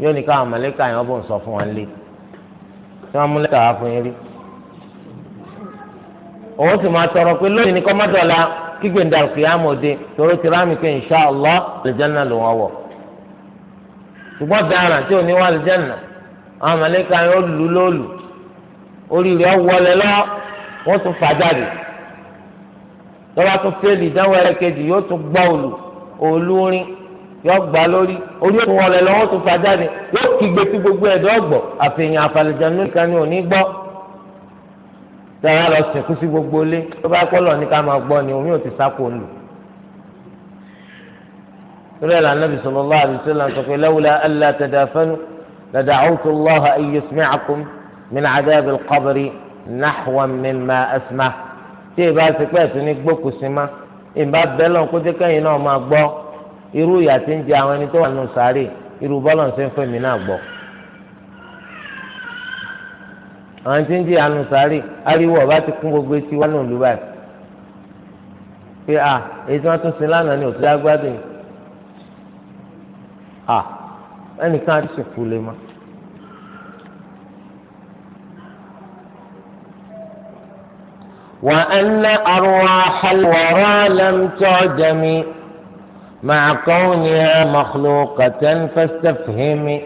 yóò ní káwọn mọ̀lẹ́kà yẹn bó ń sọ fún wọn lé tí wọ́n mú lẹ́kà wá fún yín rí òun sì máa tọrọ pé lónìí ní kọ́ má dọ̀la kí gbèǹda kìyàmù òde tòró ti rámì pé insha Allah àlùjánnà ló wọ́n wọ̀ ṣùgbọ́n dáràn tí ò ní wá àlùjánnà àwọn mọ̀lẹ́kà yẹn ó lù lóòlù oríire ọwọlẹ lọ wọ́n tún fà jáde lọ́wọ́ tún fẹ́ẹ̀lì ìdánwò ẹlẹ́kejì yóò tún gbọ́ òlù olórin yóò gbà lórí orí òtún wọlé lọ wọ́n tún fà jáde yóò kígbe tí gbogbo ẹ̀dọ́ ọ̀gbọ̀ àfihàn àfàlẹ̀jà nìkan ni ò ní gbọ́ sẹ́yìn lọ sìnkú sí gbogbo ilé tó bá kọ́ lọ ní ká máa gbọ́ ni omi ò ti sáko lù torí ẹ̀ lànà Nabi sallallahu alaihi wasallam sọ من عذاب القبر نحو nahwan mimma asma tí ìbá ti pẹ́ tún ní gbókù sí ma ìbá bẹ́ẹ̀ lọ́n kó dékẹ́yìn náà máa gbọ́ irú ìyà tí ń jẹ àwọn ẹni tó wà nù sáré irú bọ́lọ̀ ṣe ń fẹ́ mi náà gbọ́. tí ń jẹ àánú sáré ariwo ọba ti kún gbogbo etí wọn lòlú báyìí pé à èyí tí wọ́n tún sin lánàá ni òtún à ẹnìkan á ti sèkú lè máa. وأن أرواح الورى لم تعدم مع كونها مخلوقة فاستفهمي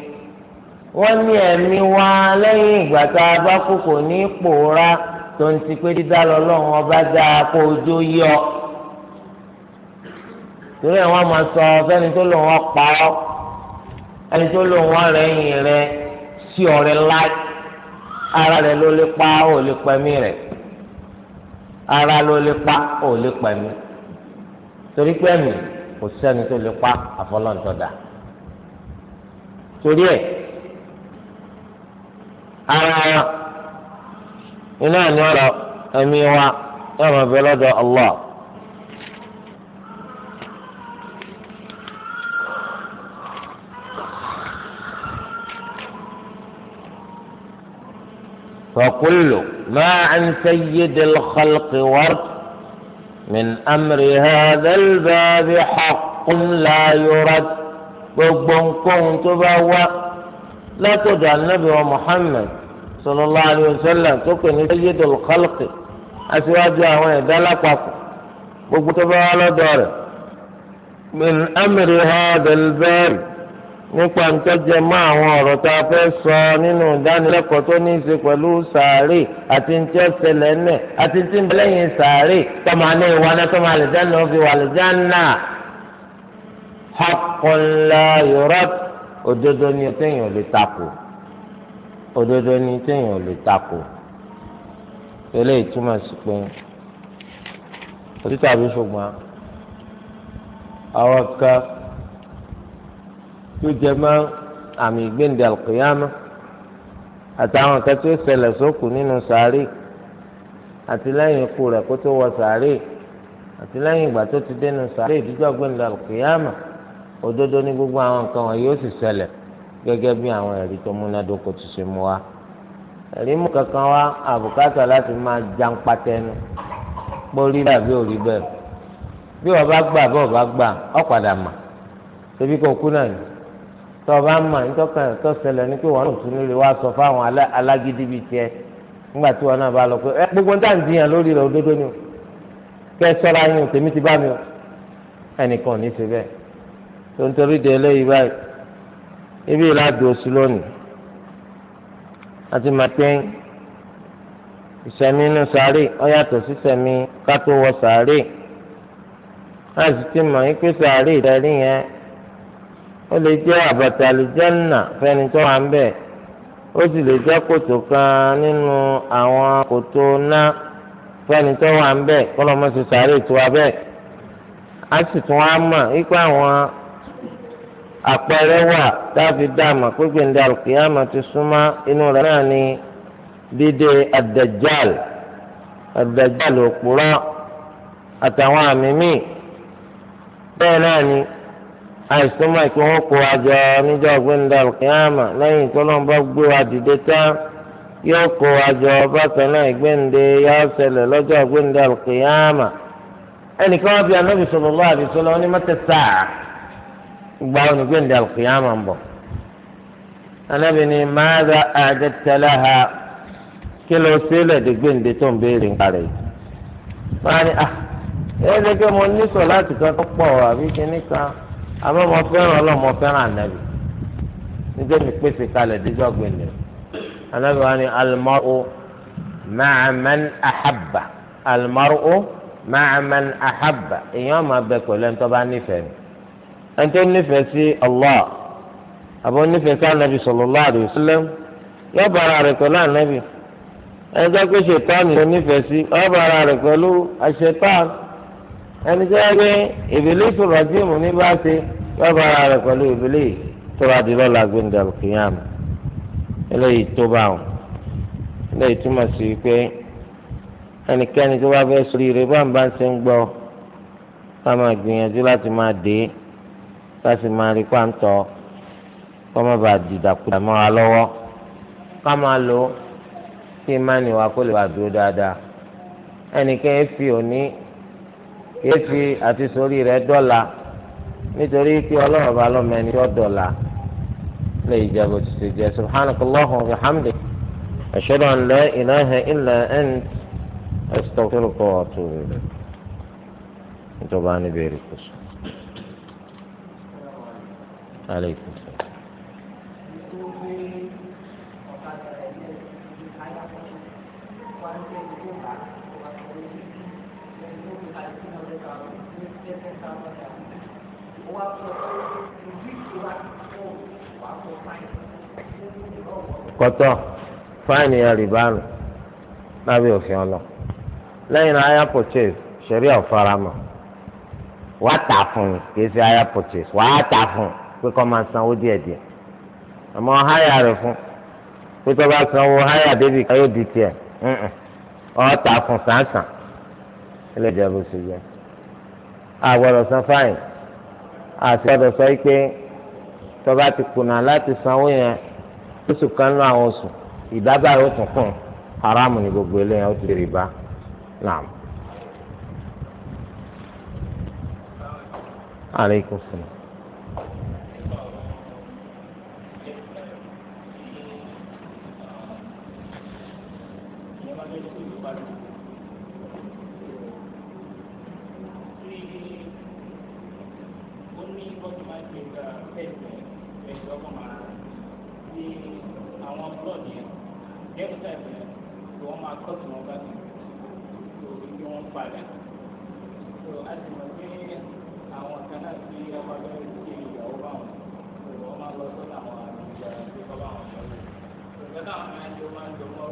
wọ́n ní ẹ̀mí wa lẹ́yìn ìgbà tá a bá kókò ní pòórá tó ń ti pé dídá lọ́lọ́run ọba dá a kó ojó yọ. torí ẹ̀ wọ́n sọ fẹ́ni tó lòun ọ̀pá ẹni tó lòun ọ̀rẹ́ yìn rẹ̀ sí ọ̀rẹ́ láì ara rẹ̀ ló lè pa ó lè pẹ̀mí rẹ̀ ara ló lè pa ò lè pẹ̀mí torí pé ẹ̀mí kò sẹ́ni tó lè pa àfọlọ́ntọ́dà torí ẹ̀ ara wọn iná ni ọ̀rọ̀ ẹ̀mí wa ẹ̀rọ bẹ lọ́dọ̀ Allah. فكل ما عن سيد الخلق ورد من امر هذا الباب حق لا يرد رب كنت بوا لا تدع النبي محمد صلى الله عليه وسلم تكن سيد الخلق اسواد جاوان دلقا ببتبع على داره من امر هذا الباب nípa ntọ́jẹ mọ́ àwọn ọ̀rọ̀ tá a fẹ́ sọ nínú ìdánilẹ́kọ̀ọ́ tó ní í ṣe pẹ̀lú sàárè àti ntí ọ̀sẹ̀lẹ̀ ẹ̀nẹ̀ àti ntí lẹ́yìn sàárè tọ́mọ àná ìwà náà tọ́mọ àlùjáná fi wà àlùjáná haqqunla yurad òdodo ni téèyàn ò lè takò òdodo ni téèyàn ò lè takò eléyìí túmọ̀ sí pé òtítọ́ àbí ṣùgbọ́n àwọn kan tó jẹ mọ́ àmì gbẹ̀ǹdẹ̀ àlùkìyámà àtàwọn nǹkan tó ṣẹlẹ̀ sókù nínú sàárè àti lẹ́yìn ikú rẹ̀ kó tó wọ sàárè àti lẹ́yìn ìgbà tó ti dénú sàárè ìdíjọ́ gbẹ̀ǹdẹ̀ àlùkìyámà òdodo ní gbogbo àwọn nǹkan wọn yóò sì ṣẹlẹ̀ gẹ́gẹ́ bí àwọn ẹ̀rí tó múnádóko ti ṣe mú wa ẹ̀rí mú kankan wá àbùkátà láti máa jan patẹnu kpórí bẹ́ẹ̀ òrí bẹ́ẹ̀ bí wọ́n bá gbà bọ́ọ̀ bá gbà ọ̀ padà mà ṣebí kò kú náà yìí. tọba mà ntọ́kàn tó ṣẹlẹ̀ ní pé wọn ò tún lè wá sọ fáwọn alágídí bíi tiẹ̀ nígbà tí wọn náà bá lọ pé ẹ gbogbo ń dáhùn díyàn lórí rẹ òdodo ni o kẹ ẹ sọra yín o tèmi ti bá mi o ẹnìkan ní ṣe bẹ́ẹ̀ tó ń torí de eléyìí báyìí ibi ìlàdù oṣù lónìí àti màtẹ́yìn ìṣẹ̀mí inú sàárè ó sí sẹ̀mí ká wọ sàárè láti ti mọ̀ yín pé sàárè ìdarí yẹn. ó lè jẹ́ àbàtà àlùjànnà fẹ́ni tó wà ń bẹ̀ ó sì lè jẹ́ kòtò kan nínú àwọn kòtò ná fẹ́ni tó wà ń bẹ̀ kó lọ́mọ sì sáré ìtura bẹ́ẹ̀ á sì tún wá mọ̀ àwọn àpẹẹrẹ wà ti súnmọ́ inú rẹ̀ ni dídé àtàwọn àmì míì bẹ́ẹ̀ náà ni. àìsúnmọ́ ìpín wọn kó wa jọ níjọ́ kíámà lẹ́yìn tó lọ́n bá gbé wa dìde tán yóò kó wa jọ náà gbẹ̀ndé yá ṣẹlẹ̀ lọ́jọ́ gbẹ̀ndà kíámà ẹnìkan wá bí anábì ní gba òní kíámà ń anábì ha kí ló tó ń béèrè ń á ní ah mo ní sọ láti tó àmọ́ mo fẹ́ràn ọlọ́run mo fẹ́ràn ànábì níjẹ́ mi pèsè kalẹ̀ díjọ́ gbẹ̀lẹ̀ ànábì wa ni almaru ma'a man ahabba almaru ma'a man ahabba èèyàn máa bẹ pẹ̀lú ẹni tó bá nífẹ̀ẹ́ ni ẹni tó nífẹ̀ẹ́ sí Allah àbọ̀ nífẹ̀ẹ́ sí ànábì sallallahu alaihi wasallam yọ bàrà rẹ̀ pẹ̀lú ànábì ẹni tó pé ṣètánì tó nífẹ̀ẹ́ sí ọ ẹni tó yẹ pé ìbílẹ̀ sọ̀rọ̀ tí mò ní bá ṣe yóò bá ara rẹ̀ pẹ̀lú ìbílẹ̀ tó bá di lọ́la gbẹ̀ndà kìyàm eléyìí tó bá wọn eléyìí túmọ̀ sí pé ẹnikẹ́ni tó bá fẹ́ sori rẹ̀ bá ń bá ń ṣe ń gbọ́ ká máa gbìyànjú láti máa dé ká sì máa rí pàǹtọ́ kó má bàa dìdàkudà mọ́ wa lọ́wọ́ ká máa lò kí ìmánìwá kó lè bàa dúró dáadáa ẹnikẹ́ni fi òní kéèfì àti sórí rẹ̀ dọ́là nítorí pé ọlọ́run bá lọ́mọ ẹni tó dọ́là lè jẹ́ bó ti ṣe jẹ́ subhanakallahu wa bihamdik ashhadu an la ilaha illa ant astaghfiruka wa atubu ilayk nítorí bá ní bèrè kùsùn. عليكم kọ́tọ́ fáìní àrìbánu lábẹ́ òfin ọlọ lẹ́yìn náà hire purchase ṣẹ̀ríà ọ̀faramọ̀ wàá tà fún un kì í ṣe hire purchase wàá tà fún un pé kọ́ máa sanwó díẹ̀díẹ̀ àmọ́ háyà rẹ̀ fún pé tó bá sanwó háyà débì ká yóò di tiẹ̀ ọ̀ọ́ta fún sàǹsàn ilé ìjọba oṣù yẹn a gbọ́dọ̀ san fáìn a sì gbọ́dọ̀ sọ pé tó bá ti kùnà láti sanwó yẹn oṣù kan lọ àwọn oṣù ìdábàá yóò tún haramu ni gbogbo eléyà ó ti rìbá naam. aleykum salaam.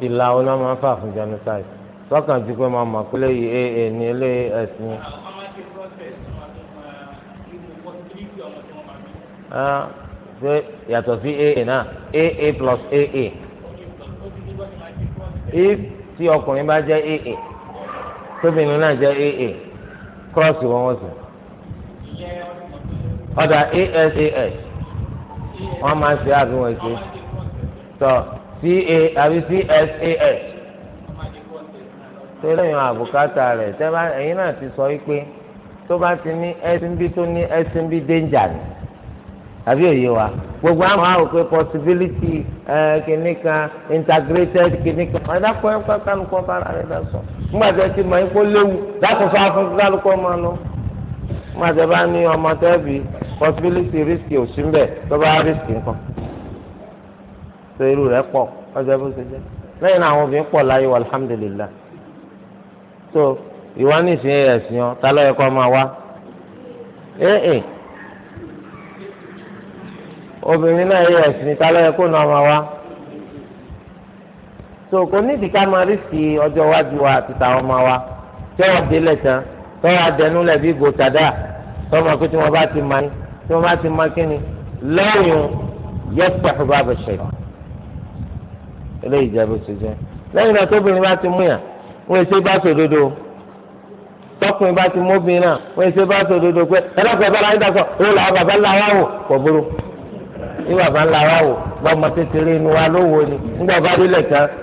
ti la ọ náà máa ń fà fún genocide sọ́kàn ti pé máa mọ̀ pé léyìí aa ní ilé ẹ̀sìn. ṣé yàtọ̀ sí aa náà aa plus aa if tí ọkùnrin bá jẹ́ aa tóbìnrin náà jẹ́ aa cross wọn wọ́n sùn ọ̀dà asas wọ́n máa ń ṣe àbí wọ́n ṣe ca àbí csas tó lẹ́yìn àbùkátà rẹ̀ tẹ́lá ẹ̀yin náà ti sọ wípé tó bá ti ní ẹsìnbí tó ní ẹsìnbí dénjà ni àbí òye wa gbogbo àwọn àwọn òpè possibility kìnnì kan integrated kìnnì kan wọn dákọ ẹkọ kálukọ bára rẹ dá sọ nígbà tó ti mọ ikú léwu dákòókò afún kálukọ máa lọ nígbà tó bá ní ọmọ tẹ́bi possibility risk ò tó bá risk nǹkan so irú rẹ̀ pọ̀ ọjọ́ bó ṣe jẹ́ lẹ́yìn náà àwọn obìnrin pọ̀ láyé wa alhamdulillah so ìwà nìsín ẹ̀sìn ọ ta ló yẹ kó máa wá ee obìnrin náà yẹ ẹ̀sìn ta ló yẹ kó náà máa wá so kò ní ìdíkà máa rí sí ọjọ́ iwájú wa àti tàwọn máa wá tẹ́wọ̀n délẹ̀ tán tọ́wọ́ adẹnulẹ̀ bíi gòtàdá tọ́wọ́ pé tí wọ́n bá ti máa ní tí wọ́n bá ti máa kí ni lẹ́yìn yẹ́pẹ̀ fún bàbá ṣẹ̀yìn. eléyìí jẹ́ bó ṣe jẹ́ lẹ́yìn náà tóbìnrin bá ti mú yàn wọ́n ṣe bá sòdodo tọkùnrin bá ti móbìnrin náà wọ́n ṣe bá sòdodo pé ẹlọ́pàá bá láyé dàgbà ó là á bàbá ńlá wa wò kò burú ní bàbá ńlá ni nígbà bá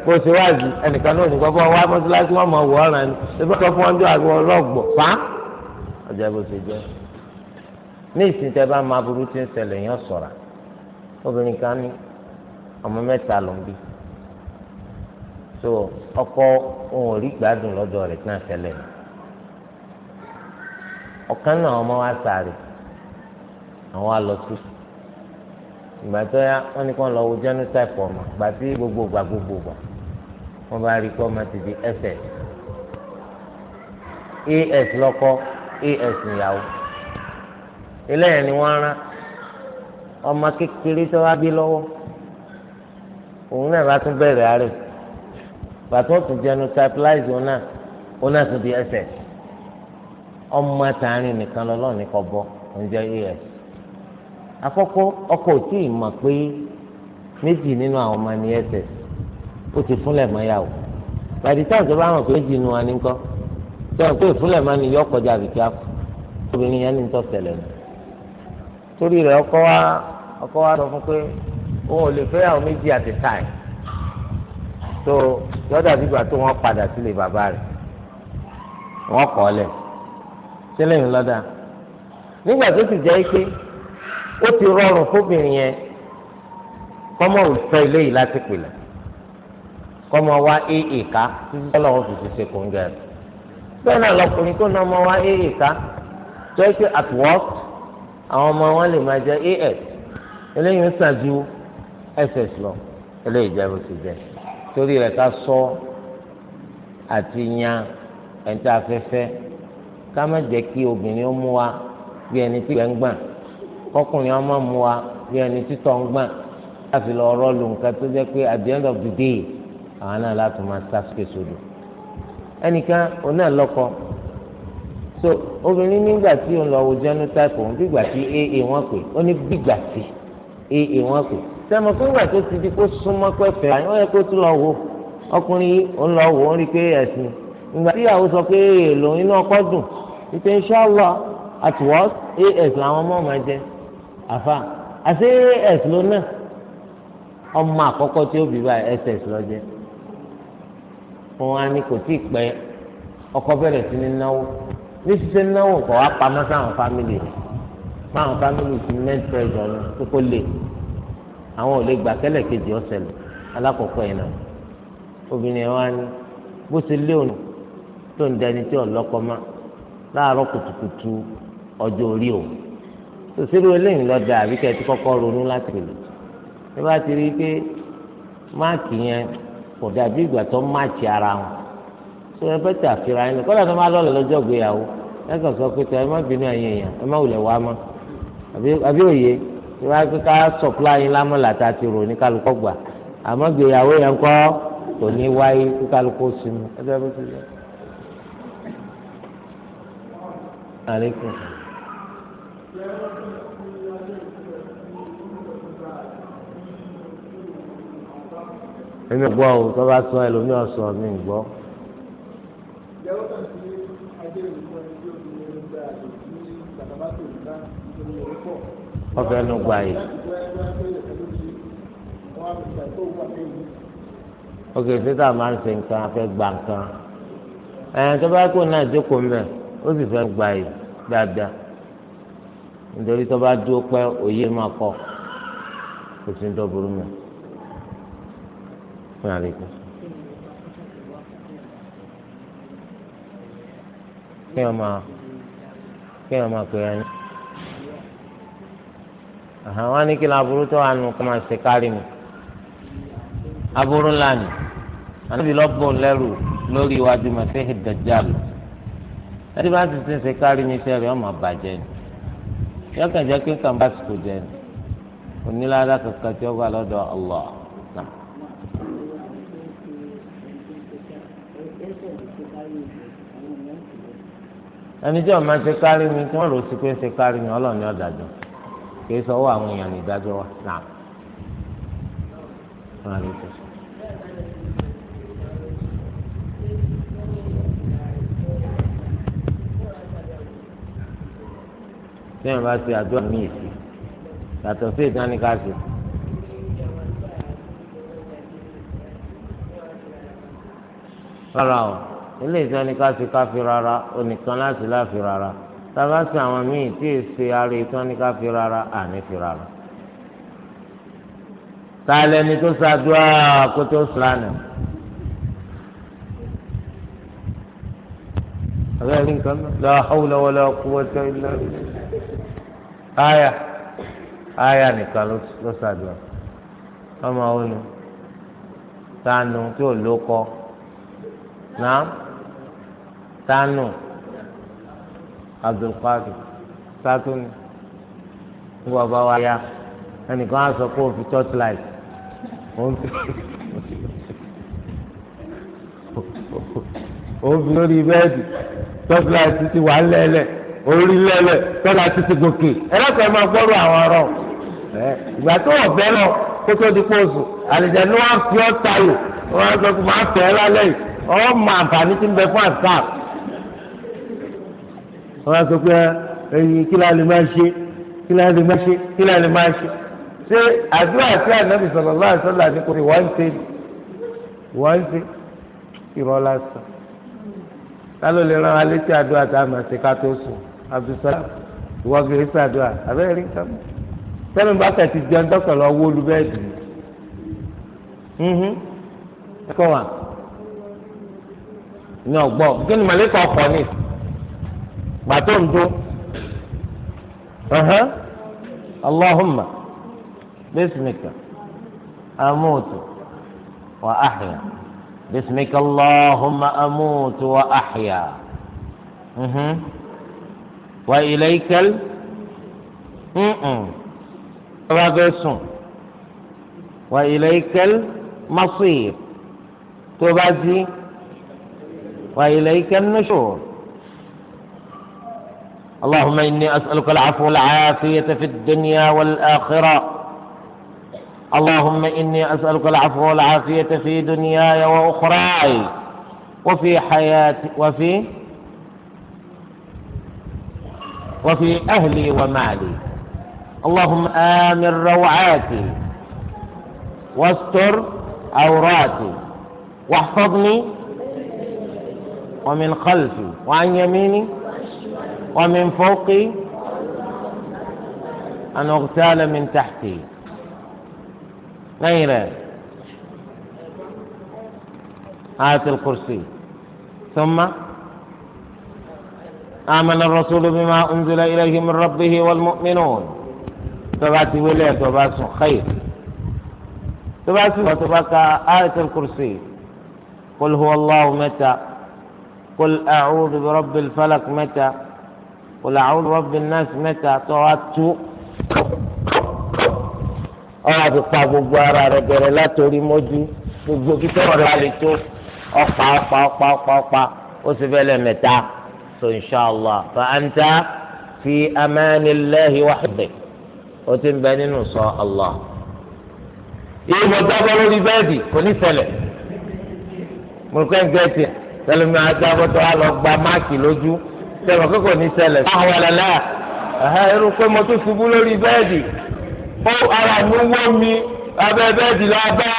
bó ṣe wá ẹnìkan náà ní gbọ́dọ̀ wá mọ́tíláṣí wọn mọ̀ wọ́ ọ̀ràn ni àgbọ̀ so ọkọ òun ò rí gbádùn lọ́dọ̀ rẹ̀ náà ọma náà ọmọ wa sáré àwọn wa ìgbà tó yá wọn ni kàn lọ wo genotype ọmọ gbà tí gbogbo gbà gbogbo gbà wọn bá rí di as lọkọ, as níyàwó eléyìí ni wọ́n rán ọmọ kékeré tó wá bí òun náà bá pàtó tún genotypelize òun náà òun tún di ss ọmọ àtàrin nìkan lọ́lọ́ọ̀ ní bọ́ òun jẹ́ as àkọ́kọ́ ọkọ tí ì mọ̀ pé méjì nínú àwọn ọmọ ní ẹsẹ̀ ó ti fúnlẹ̀ mọ́ yàwó bàtí táwọn tó bá mọ̀ pé méjì nínú wa ní kọ́ mọ́ ni yọ kọjá àbíkí àpò obìnrin yẹn ní tó nù torí rẹ̀ wa ọkọ wa sọ fún pé òun ò lè so yọdà bíbà tó wọn padà sílé bàbá rẹ̀ wọn kọ lẹ sílẹ̀ yìí lọdà nígbà tó ti jẹ́ pé ó ti rọrùn fóbìnrin yẹn kọmọ òfẹ ilé yìí láti pìlẹ̀ kọmọ wa éè ká títí tọ́lọ̀ wọn fi ṣe kóńgẹ rẹ̀ bẹ́ẹ̀ náà lọkùnrin tó ná ọmọ wa éè ká tó yẹ pé at work àwọn ọmọ wọn lè máa jẹ as eléyìí ń sàn ss lọ eléyìí jẹ́ bó ti jẹ́ torí rẹ̀ ká sọ àti yan ẹ̀ńtẹ́ afẹ́fẹ́ ká má jẹ́ kí obìnrin ó mú wa bí ẹni tí ìgbẹ́ ń gbà kọkùnrin ọmọ mú wa bí ẹni títọ́ ń gbà láti lọ rọ́ọ̀lù nǹkan tó jẹ́ pé at the end of the day àwọn náà láti máa sá sókè sódò ẹnìkan òun náà lọ́kọ so obìnrin nígbà tí òun lọ wo genotype òun bí ìgbà tí aa wọ́n pè ó ní bí ìgbà tí aa wọ́n pè sẹ́mu fún ìgbà tó ti di kó súnmọ́ pẹ́fẹ́ àyàn ó yẹ kó tún lọ wò ọkùnrin òun lọ wò ó rí i pé ẹ̀sìn ìgbà tí ìyàwó sọ pé èèlò inú ọkọ dùn ìpè inṣàlá at what as làwọn ọmọ máa jẹ àfa àti as ló náà ọmọ àkọ́kọ́ tí ó bí báyìí ss lọ jẹ fún wa ni kò tíì pẹ́ ọkọ bẹ̀rẹ̀ sí ní náwó ní ṣíṣe náwó kọ̀ wá pamọ́ sáwọn fámìlì rẹ̀ fámìlì sí mẹ́tírẹ̀dì ọ̀nà tó kó lè àwọn ò lè gbà kẹlẹ kejì ọsẹ lọ alákọọkọ yìí náà obìnrin yẹn wá ní bó ṣe lé òun tó ń dẹni tí ọlọkọ má láàárọ̀ kùtùkùtù ọjọ́ orí òun òṣèlú eléyìí lọ da àbí kẹ ẹ ti kọ́kọ́ ronú láti lè ẹ bá ti rí i pé máàkì yẹn kò dàbí ìgbà tó máàkì ara wọn tó ẹ bẹ tẹ àfihàn yẹn kọ́dà tó máa lọ́ọ̀lẹ̀ lọ́jọ́ ìgbéyàwó ẹ kàn sọ pé tẹ ẹ má bínú ẹ̀yìn èèyàn ẹ má wulẹ̀ wá mọ́ àbí òye ìwà kíkà supply lámọ̀lá tá a ti rò ní kálukọ́ gbà àmọ́ gbéyàwó yẹn kọ́ kò ní wáyé kí kálukọ́ sinmi ẹgbẹ́ bó ti jẹ́. Alaikum. gbọ́ o tó bá sọ ẹlòmíràn sọ mi gbọ́. ọfẹ nu gba yìí ok títà máa ń ṣe nǹkan afẹ gba nǹkan ẹ tó bá kó náà jókòó mbẹ ó sì fẹ́ gba yìí dáadáa nítorí tó bá dúró pẹ́ òye máa kọ kò sí ní mi. Assalamualaikum. Kí ọmọ kí ọmọ kò yẹn àwọn anìkí la aburú tó àánú kó máa ṣe kárí mi aburú ńlá ni ànábì lọ́gbọ̀n lẹ́rù lórí iwájú Masihi Dajjal ẹni bá ti ṣe kárí mi iṣẹ́ rẹ̀ ọmọ bàjẹ́ ni yọkàn jẹ́ pé kàn bá sùkò jẹ́ ni onílàdà kankan tí ó wà lọ́dọ̀ Allah. ẹni tí wọn máa ṣe kárí mi tí wọn rò sí pé ń ṣe kárí mi Ọlọ́run ni kì í sọwọ́ àwọn èèyàn ní wa náà. sẹ́yìn bá ṣe àdúrà mí ìsì yàtọ̀ sí ìdánikáṣe. rárá o ilé ìdánikáṣe káfí rárá onìkan láti láfi rárá tábà sí àwọn míì tí ì ṣe ara ètò ẹnìkan fi rárá àní fi rárá. tààlẹ́ ni tó ṣàdúrà kótó sùlánà. abẹ́rẹ́ nǹkan la hawla wala quwwata illa billah. aya aya nìkan ló ṣàdúrà ọmọ òun ni tí ò lókọ náà tanu. Abdulkadir sátún ní bàbá wa yá ẹnìkan á sọ pé òun fi church light òun fi lórí bẹ́ẹ̀dì church light títí wà lẹ́lẹ̀ orí lẹ́lẹ̀ church títí gòkè ẹlẹ́kọ̀ọ́ máa gbọ́rọ̀ àwọn ọ̀rọ̀ ìgbà tó ọ̀bẹ lọ kó tó di pósù àlejò ni wọ́n fi ọ́ wọ́n á sọ pé màá fẹ́ lálẹ́ yìí ọ́ wọn á sọ pé ẹyin kí la lè máa ṣe kí la lè máa ṣe kí la lè máa ṣe ṣé àdúrà tí ànábì sọ̀rọ̀ láàrin sọ́là ní kò sí wọ́n ń ṣe wọ́n ń ṣe ìrọ̀ lásán tálọ́ lè rán alẹ́ tí àdúrà tá a máa ṣe ká tó sùn abdulsalam ìwọ gbèrè sàdúrà abẹ́rẹ́ rí nǹkan mọ́ sẹ́mi bá kẹ̀tì jẹun dọ́kọ̀ lọ wó lu bẹ́ẹ̀ dì í ẹ̀kọ́ wa ní ọgbọ́n kí ni màlẹ́kọ̀ ọkọ̀ gbàtó ń dún ọ̀hán allahumma bísímìkà amóòtù wà áhìá bísímìkà allahumma amóòtù wà áhìá wà ilẹ̀ ikẹ́l ọba bẹ sùn wà ilẹ̀ ikẹ́l masir tó bá jí wà ilẹ̀ ikẹ́l nushur. اللهم إني أسألك العفو والعافية في الدنيا والآخرة اللهم إني أسألك العفو والعافية في دنياي وأخراي وفي حياتي وفي وفي أهلي ومالي اللهم آمن روعاتي واستر عوراتي واحفظني ومن خلفي وعن يميني ومن فوقي أن أغتال من تحتي غير آية الكرسي ثم آمن الرسول بما أنزل إليه من ربه والمؤمنون تبعتي ولا تبعت خير تبعت وتبعت آية الكرسي قل هو الله متى قل أعوذ برب الفلق متى kòlà àwọn rọ́bì nọ́ọ̀sì mẹ́ta tó wá tú ọ̀rọ̀ àti pa gbogbo ara rẹ̀ gẹ̀rẹ̀ látòrí mọ́jú gbogbo kíkọ́ ọ̀rọ̀ àlè tó ọ̀pá ọ̀pá ọ̀pá ọ̀pá ọ̀pá ó sì fẹ́ lẹ́mẹ̀ta so inshallah fa anta fi amanillahi wahdik ó ti ń bẹ nínú sọ allah ìbò dábọ́ lórí bẹ́ẹ̀dì kò ní ṣẹlẹ̀ mo kẹ́ ń gẹ̀ẹ́tì tẹlifíà dábọ́ tó sẹ̀wọ̀n kókò ní ṣẹlẹ̀ àwọn àlàlà irú pé mo tún ṣubú lórí bẹ́ẹ̀dì ó ara mi wọ́ mi abẹ́ bẹ́ẹ̀dì lọ bá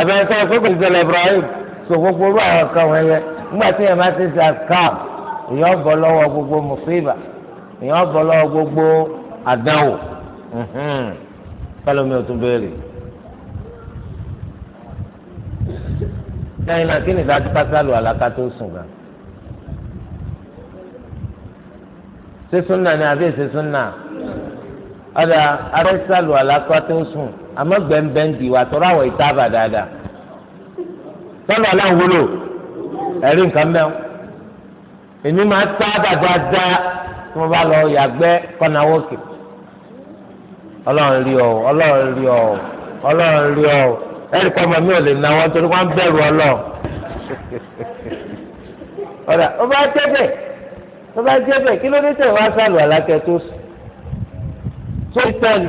abẹ́ sẹ̀wọ̀n kókò ní ṣẹlẹ̀ Ibrahim sọ gbogbo orú àwọn kan wọn yẹ nígbà tí yẹn bá ti ṣe àkàm èèyàn bọ́ lọ́wọ́ gbogbo mùsíbà èèyàn bọ́ lọ́wọ́ gbogbo àdánwò fẹlẹ́mi ò tún béèrè. lẹ́yìn náà kí ni ìdájọ́ pátá lu àlàkà sùn gan-an. ṣé súnà ni àbí èsè súnà ọ̀dà abẹ́sàlù àlákọ́ tó sùn àmọ́ gbẹ̀ngbẹ̀ngbì wà tọ́ra àwọ̀ ìta bà dáadáa tọ́lá aláwòlò ẹ̀rí nǹkan mẹ́wọ́ èmi máa tá bà dáadáa tí mo bá lọ yàgbẹ́ kọ́nàwókè ọlọ́run rí ọ ọlọ́run rí ọ ọlọ́run rí ọ ẹ̀rí kọ́ ọmọ mi ò lè náwó torí wọ́n bẹ̀rù ọlọ́run ọ̀dà ó bá tó bá jẹ́ bẹ́ẹ̀ kí ló dé tẹ̀ wá sálù alákẹ́ tó sùn tó ń tẹ̀lé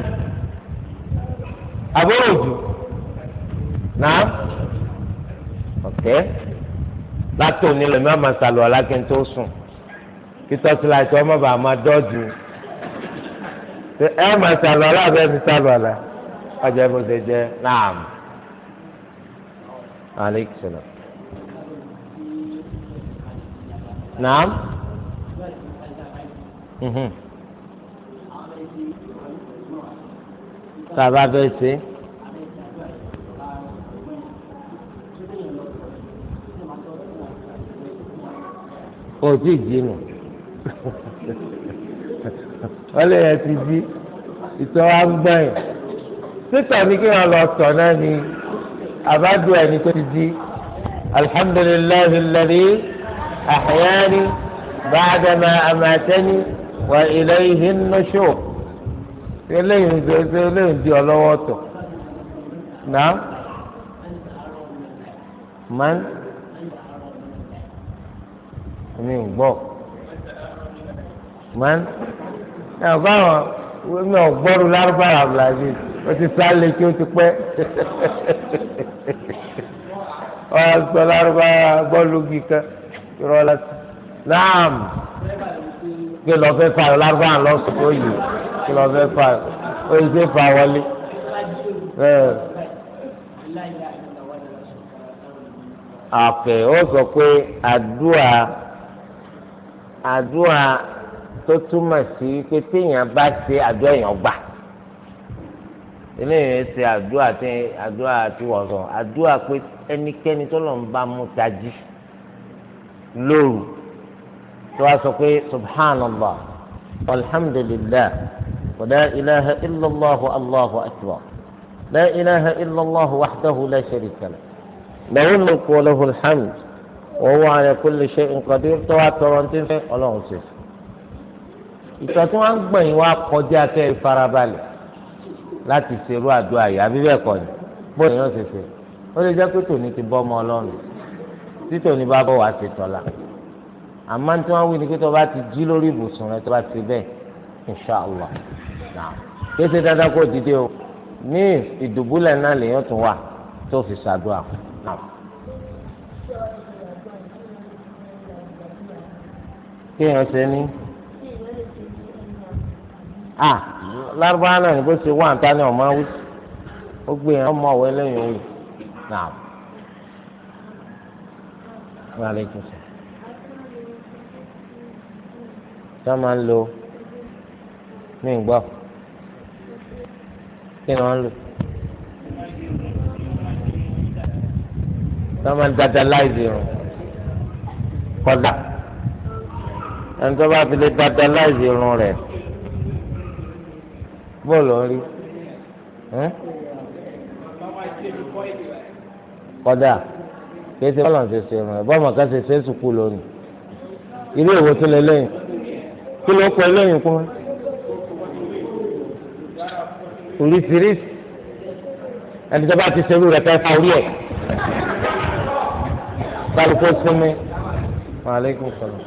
àbúrò jù náà ọ̀kẹ́ látò nílò mi àmà sálù alákẹ́ tó sùn kí tọ́sílàṣẹ ọmọ bàá máa dọ́jú ẹ máa sálù aláàbẹ̀ mi sálù àlá ọjọ́ ìbò ṣe jẹ́ náà aleykum salaam. Naam. Mhm. tá a bá fẹ́ ṣe. o ti jí nù wọ́n lè yẹ ti jí ìtọ́ wa ń gbọ́n yìí títọ̀ ní kí wọ́n lọ sọ náà ni àbádùn ẹni tó ti jí alhamdulilayi lari ahyani baadama amatani wà ilayhi nushur eléyìí ń gbèsè eléyìí ń di ọlọ́wọ́ tọ̀ náà man mi ń gbọ́ man náà báwọn mi ò gbọ́rù lárúbáyà abdulaziz o ti sálé kí o ti pẹ́ ọ sọ lárúbáyà gbọ́ lógi kan ìrọ̀lá náà kí lọ fẹ́ fà lárúbá lọ sùn tó yìí kí lọ fẹ́ fà ó yìí ṣe fà wọlé. àpè ó sọ pé àdúrà àdúrà tó túmọ̀ sí pé téèyàn bá ṣe àdúrà èèyàn gbà eléyìí ṣe àdúrà tí àdúrà tí wọ́n sọ àdúrà pé ẹnikẹ́ni tó lọ́n bá mú tají lóru tó wá sọ pé subhanallah alhamdulillah wa la ilaha illallah allahu akbar la ilaha illallah wahdahu la sharika lah lahu mulku wa lahu alhamd wa huwa ala kulli shay'in qadir tó wá tọrọ ní fẹ́ ọlọ́run ṣe. ìtọ́ tí wọ́n ń gbọ̀nyìn wá kọjá kẹ́ ìfarabalẹ̀ láti ṣerú àdúrà yìí àbí bẹ́ẹ̀ kọ́ ni bó ni yóò ṣe ṣe ó lè jẹ́ pé tòní ti bọ́ ọmọ ọlọ́run tí bá bọ̀ wá ṣe tọ́lá àmọ́ tí wọ́n wí ni pé tó bá ti jí lórí ibùsùn rẹ tó bá ti bẹ́ẹ̀ inṣàlá náà kéṣe dáadáa kó dìde o ní ìdùbúlẹ̀ náà lèèyàn tún wà tó fi ṣàdúrà náà. kéèyàn ṣe ní. a lárúbáwá náà ni bó ṣe wà níta ni ọmọ wí ó gbé yẹn ọmọ ọwọ́ ẹlẹ́yìn òwì náà. Wa alaikum salaam. tí wọ́n máa ń lo mí gbọ́ kí ni wọ́n ń lò tí wọ́n máa ń dandalize irun kọ́dà ẹni tó bá fi lè dandalize irun rẹ̀ bọ́ọ̀lù ń rí kọ́dà kí ẹ ti bọ́ọ̀lù ṣe ṣe irun rẹ̀ bọ́ọ̀mù kan ṣe ṣe é sùkúlù lónìí ilé ìwòsàn lélẹ́yìn kí ló kọ eléyìí kún oríṣiríṣi ẹni tó bá ti ṣerú rẹ̀ fẹ́ fa orí ẹ̀ kálukó súnmi maaleykum salaam.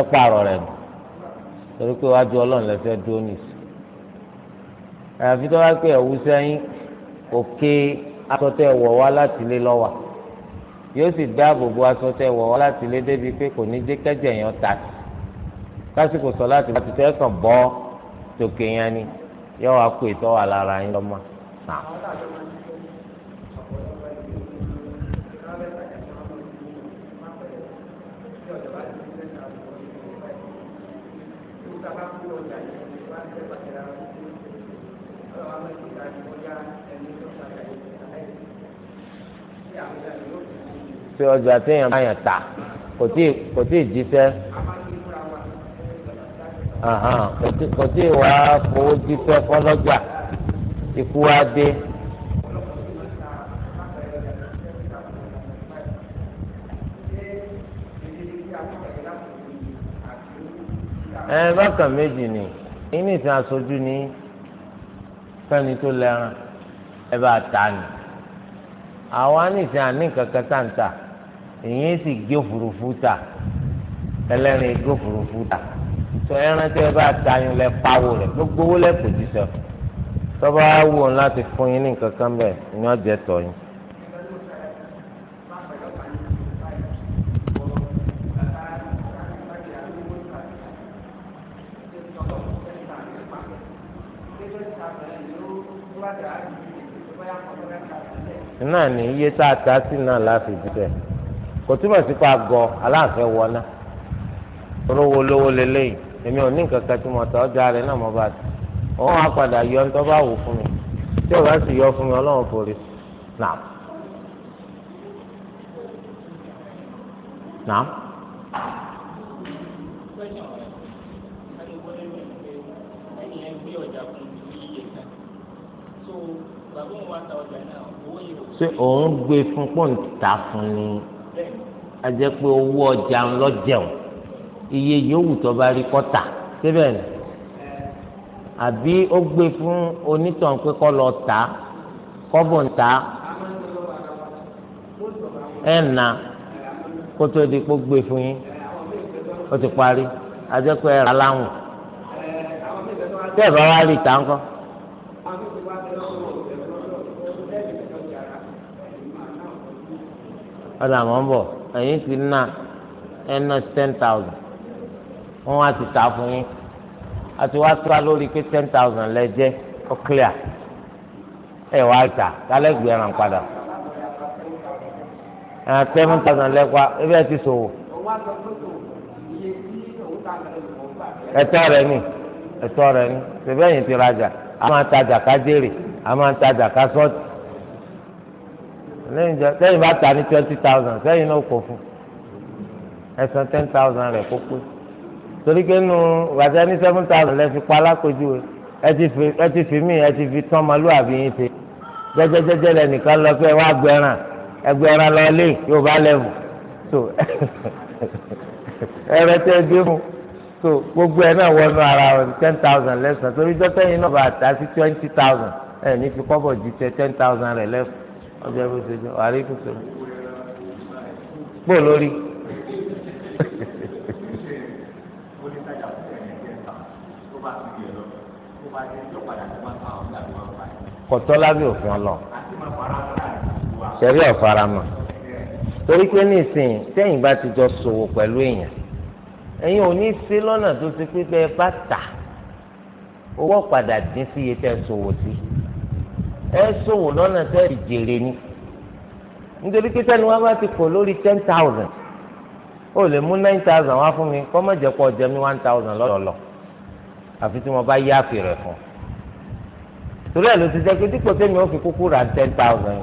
ẹ pààrọ̀ rẹ̀ torí pé wájú ọlọ́run lè dúró nìsí àyàfi tó bá pé ẹ̀wù sẹ́yìn òkè asọ́tẹ̀ wọ̀ wá láti ilé lọ́wà yóò sì dáàbò bo asọ́tẹ̀ wọ̀ wá láti ilé débi pé kò ní jẹ́ kẹ́jẹ̀ yẹn ta sí sọ láti láti tẹ́ kàn bọ́ tòkè yẹn ni yóò wá pè tọ́ wà lára yín lọ́mọ pé ọjà téèyàn bá yàn tà kò tí kò tí ì jíṣẹ́ kò tí ì wá fowó jíṣẹ́ fọlọ́jà ikú wa dé. ẹ bákan méjì ni inú ìsìn aṣojú ní fẹ́ni tó lẹ́ran ẹ bá ta ni àwa ní ìsìn àní kankan tá ń Ta èyí sì gé òfurufú ta ẹlẹ́rìn gé òfurufú ta tó ẹran tí ẹ bá ta yín lẹ pawó rẹ gbogbo owó lẹ kò jí sọ tọ́ba wò láti fún yín ní nǹkan kan bẹ́ẹ̀ ni wọ́n jẹ tọ̀ yín. náà ní iye tá a ta sí náà láfi jíjẹ kò túmọ̀ sí pa àgọ́ aláàfẹ́ wọná olówó olówó lélẹ́yìn èmi ò ní nǹkan kan tí mo ta ọjà rẹ̀ náà mo bá ti òun á padà yọ ní tó bá wù fún mi tí ò bá sì yọ fún mi ọlọ́run forí nàá nàá. ṣé òun gbé fún pọ́ǹtà fún ni ajẹ́ pé owó ọjà ń lọ jẹun iye yòówù tó bá rí kọ́tà síbẹ̀ ni àbí ó gbé fún onítàn pé kọ́ lọ tà á kọ́bọ̀ ń tà á ẹ̀ nà kó tó di kó gbé fún yín ó ti parí ajẹ́ pé ẹ̀rọ aláwọ̀ tẹ́ ẹ̀ bá wá rí tà ń kọ́. ọ̀dà mọ́ ń ẹ̀yin ti na ẹ̀nà ten thousand wọ́n wá ti ta fún yín a wá tura lórí pé ten thousand lẹ clear wá ta kálẹ̀ gbẹ̀ràn padà ẹ̀ seven thousand lẹ ti rẹ ni rẹ ni ti rajà lẹ́yìn bá ta ní twenty thousand sẹ́yìn náà kò fún ẹ̀sán ten thousand rẹ̀ kó pé torí pé nu wàtí ẹni seven thousand lẹ́ fi pa alákòjúwe ẹ ti fi mí ẹ ti fi tán ọmọlúwàbí yín ṣe jẹ́jẹ́jẹ́jẹ́ lẹ nìkan lọ pé wá gbẹ̀ràn ẹgbẹ̀ràn lọ lé yóò bá lẹ́wù so ẹrẹ tẹ dé mu so gbogbo ẹ náà wọnú ara wọn ten thousand lẹ́sàn torí dọ́tẹ́yìn náà bá ta sí twenty thousand ẹ̀ ní fi kọ́bọ̀ ju tẹ ten thousand rẹ̀ lẹ́kọ̀ọ́ ọjọ́ bó ṣe jọ àrí kùtù pọ̀ lórí. kọtọ lábẹ́ òfin ọlọ ṣẹlẹ ọfaramọ torí pé nísìnyí tẹ̀yin bá ti jọ ṣòwò pẹ̀lú èèyàn ẹ̀yin ò ní sí lọ́nà tó ti pé bẹ́ẹ̀ bá tà owó padà dín sí iye tẹ́ ṣòwò sí ẹ ṣòwò lọ́nà tẹ́rì jèrè ni nítorí pé sẹ́ni wọ́n bá ti kò lórí ten thousand ó lè mú nine thousand wá fún mi kọ́ má jẹ́ kó jẹ mí one thousand lọ́dọọlọ àfi tí wọ́n bá yá àfi rẹ̀ fún torí ẹ̀ ló ti jẹ́ pé dípò sẹ́mi ó fi kúkú ra ten thousand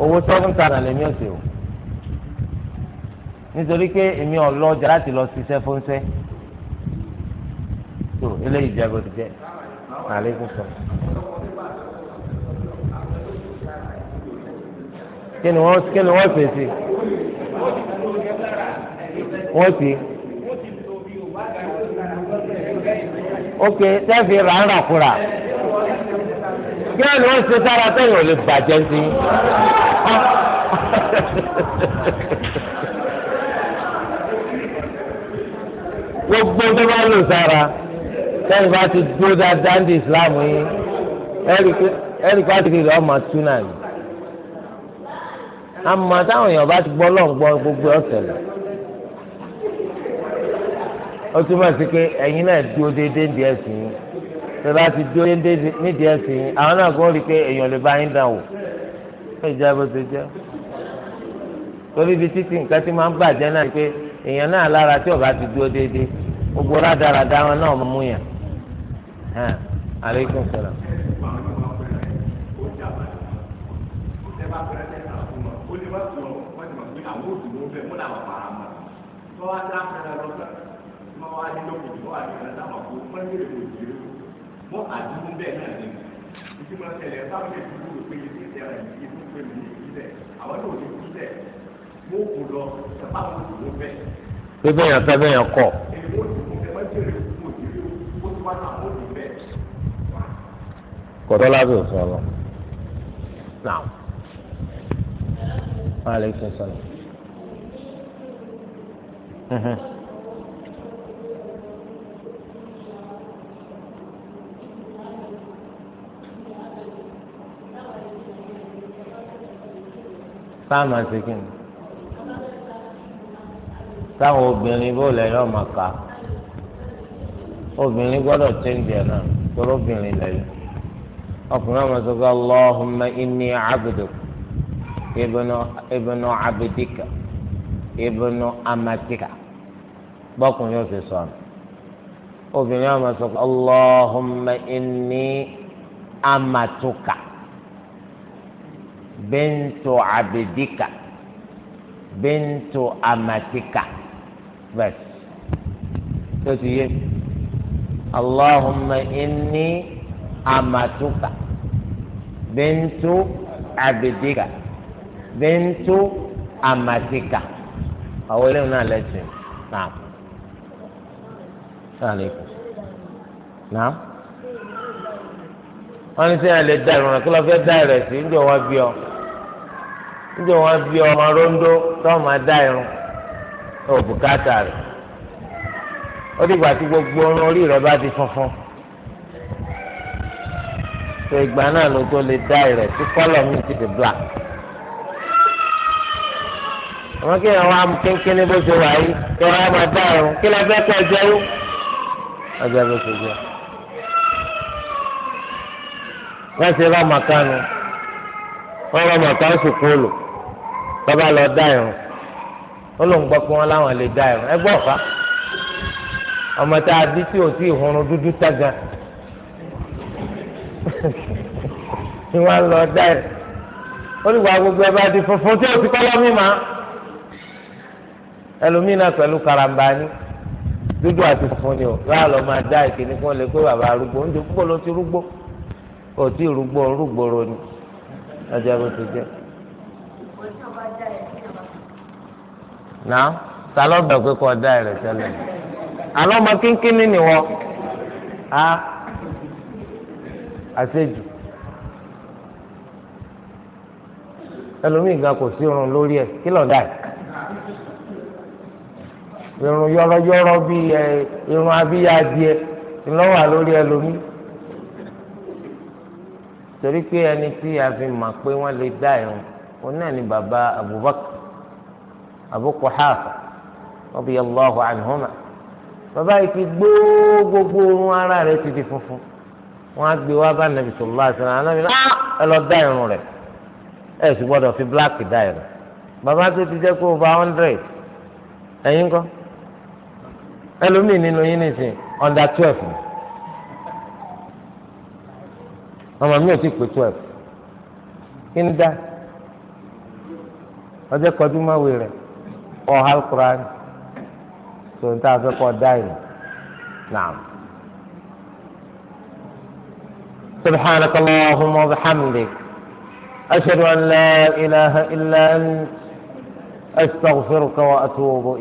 owó seven thousand lèmi ò sí o nítorí pé èmi ọlọ́jà láti lọ ṣiṣẹ́ fúnṣẹ́ tó eléyìí jẹ́ bó ti jẹ́ àlékún sọ. kí ni wọ́n kí ni wọ́n ṣe sí wọ́n sì ok tẹ́fì ràǹrà fúra kí ni wọ́n ṣe sára tẹ́yìn ò lè bàjẹ́ sí gbogbo tó bá lò sára tẹ́yìn bá ti dúró dáadáa ní ìsìlámù yìí ẹ̀rí ká ti túnà yìí àmọ́ táwọn èèyàn bá ti gbọ́ lọ́ngbọ́n gbogbo ọ̀sẹ̀ lọ ó túmọ̀ sí pé ẹ̀yin náà dúró déédéé díẹ̀ sí i tẹ bá ti dúró déédéé ní díẹ̀ sí i àwọn náà kò rí i pé èèyàn lè bá yín dàn wò ó ìjà bó ti jẹ́ torí ibi títí nǹkan tí máa ń bàjẹ́ náà ni pé èèyàn náà lára tí ọba ti dúró déédéé gbogbo rádaràda wọn náà mú yàn. alaikum salaam. ọwọ́ ajá fẹ́ra lọ́sà máa wá ní lókùn tó wà ní ìrẹsà máa kó wọ́n ní èrò ìjìrò mọ́ àdúgbò bẹ́ẹ̀ náà ni ìdí máa tẹ̀lé fáwọn èdè ìlú pé ilé ìdí ara ìdí ìlú pé mi ní ìbílẹ̀ àwọn náà ní ìbílẹ̀ mọ́ òkú lọ ṣẹ̀fà òkú ló bẹ̀. pé bẹ́yàn fẹ́ bẹ́yàn kọ̀. kọ̀tọ́ lábẹ́ òfin ọlọ́ sáàmà sí taa sáwọn obìnrin bó lẹ́yìn ọmọ ká obìnrin gbọ́dọ̀ chẹ́ǹjẹ̀ náà tóró obìnrin bụrụ ọkùnrin ọmọ sọ pé allahumma inni abduk ibnu ibnu abdika bọ́kùnrin ó sì sọ̀rọ̀ obìnrin á máa sọ pé allahumma inni amatuka bintu abidika bintu amatika bẹ́ẹ̀ tó ti yé allahumma inni amatuka bintu abidika bintu amatika àwọn eléyìí náà lẹ́sìn náà sàlẹ̀kùn náà wọ́n ní sẹ́yìn lè dá ìrùnà kí ló fẹ́ dá ìrẹ̀ sí ń jọ wá bí ọ ń jọ wá bí ọ ọmọ rondo tó máa dá ìrùn ó bùkátà rẹ̀ ó dìgbà tí gbogbo orun orí rẹ̀ bá ti funfun tó ìgbà náà ló tó lè dá ìrẹ̀ kọ́lọ̀ mi ti di black àwọn kéèyàn wá kéńkéńní bó ṣe wà yìí kí wọ́n á máa dá ìrùn kí ló fẹ́ kẹ́ ẹ jẹ́ ọjà bó ṣe a. wọ́n ṣe bá màkánu bá bàbá lọ dá irun wọ́n ló ń pé wọ́n láwọn lè dá irun ẹgbẹ́ ọ̀fà ọmọ tá a bí tí o hun dúdú tága tí wọ́n lọ dá irun olùgbà gbogbo di funfun tí o ti kọ́ lọ́mí ma ẹlòmínà pẹ̀lú karambani. dúdú àti funfun ni o báà lọ máa dá ìkíní kan lè pé bàbá arúgbó oúnjẹ púpọ̀ ló ti rúgbó kò tí ì rúgbó rúgbòrò ni ọjà bó ti jẹ. náà ta ló bẹ̀ pé kò dá ẹ̀rẹ̀ tẹ́lẹ̀ àlọ́ ọmọ kínkínní ni wọ́n á àṣejù ẹlòmíì gan kò sí irun lórí ẹ̀ kí lọ́ọ́ dà yìí. irun yọ́rọ́yọ́rọ́ bíi irun abíyá adìẹ lórí ẹlòmíì torí pé ẹni tí a fi mà pé wọ́n lè dá irun O náà ni bàbá Abubakar Abu Quhafa radiyallahu anhuma bàbá yìí ti gbogbo irun ara re ti di funfun wọn á gbé wá bá nàbì sallallahu nàbì ah, ẹ lọ dá ẹ sì fi black dá bàbá tó ti kó ẹlòmíì nínú yín nìsín under twelve ni ọmọ mi ò ti pè twelve kí ni dá ọjọ́ kọjú máa wé rẹ̀ ọ̀hà kúrán tó ń tà fẹ́ kọ́ dá yìí nàá. سبحانك اللهم وبحمدك أشهد أن لا إله إلا أنت أستغفرك وأتوب إليك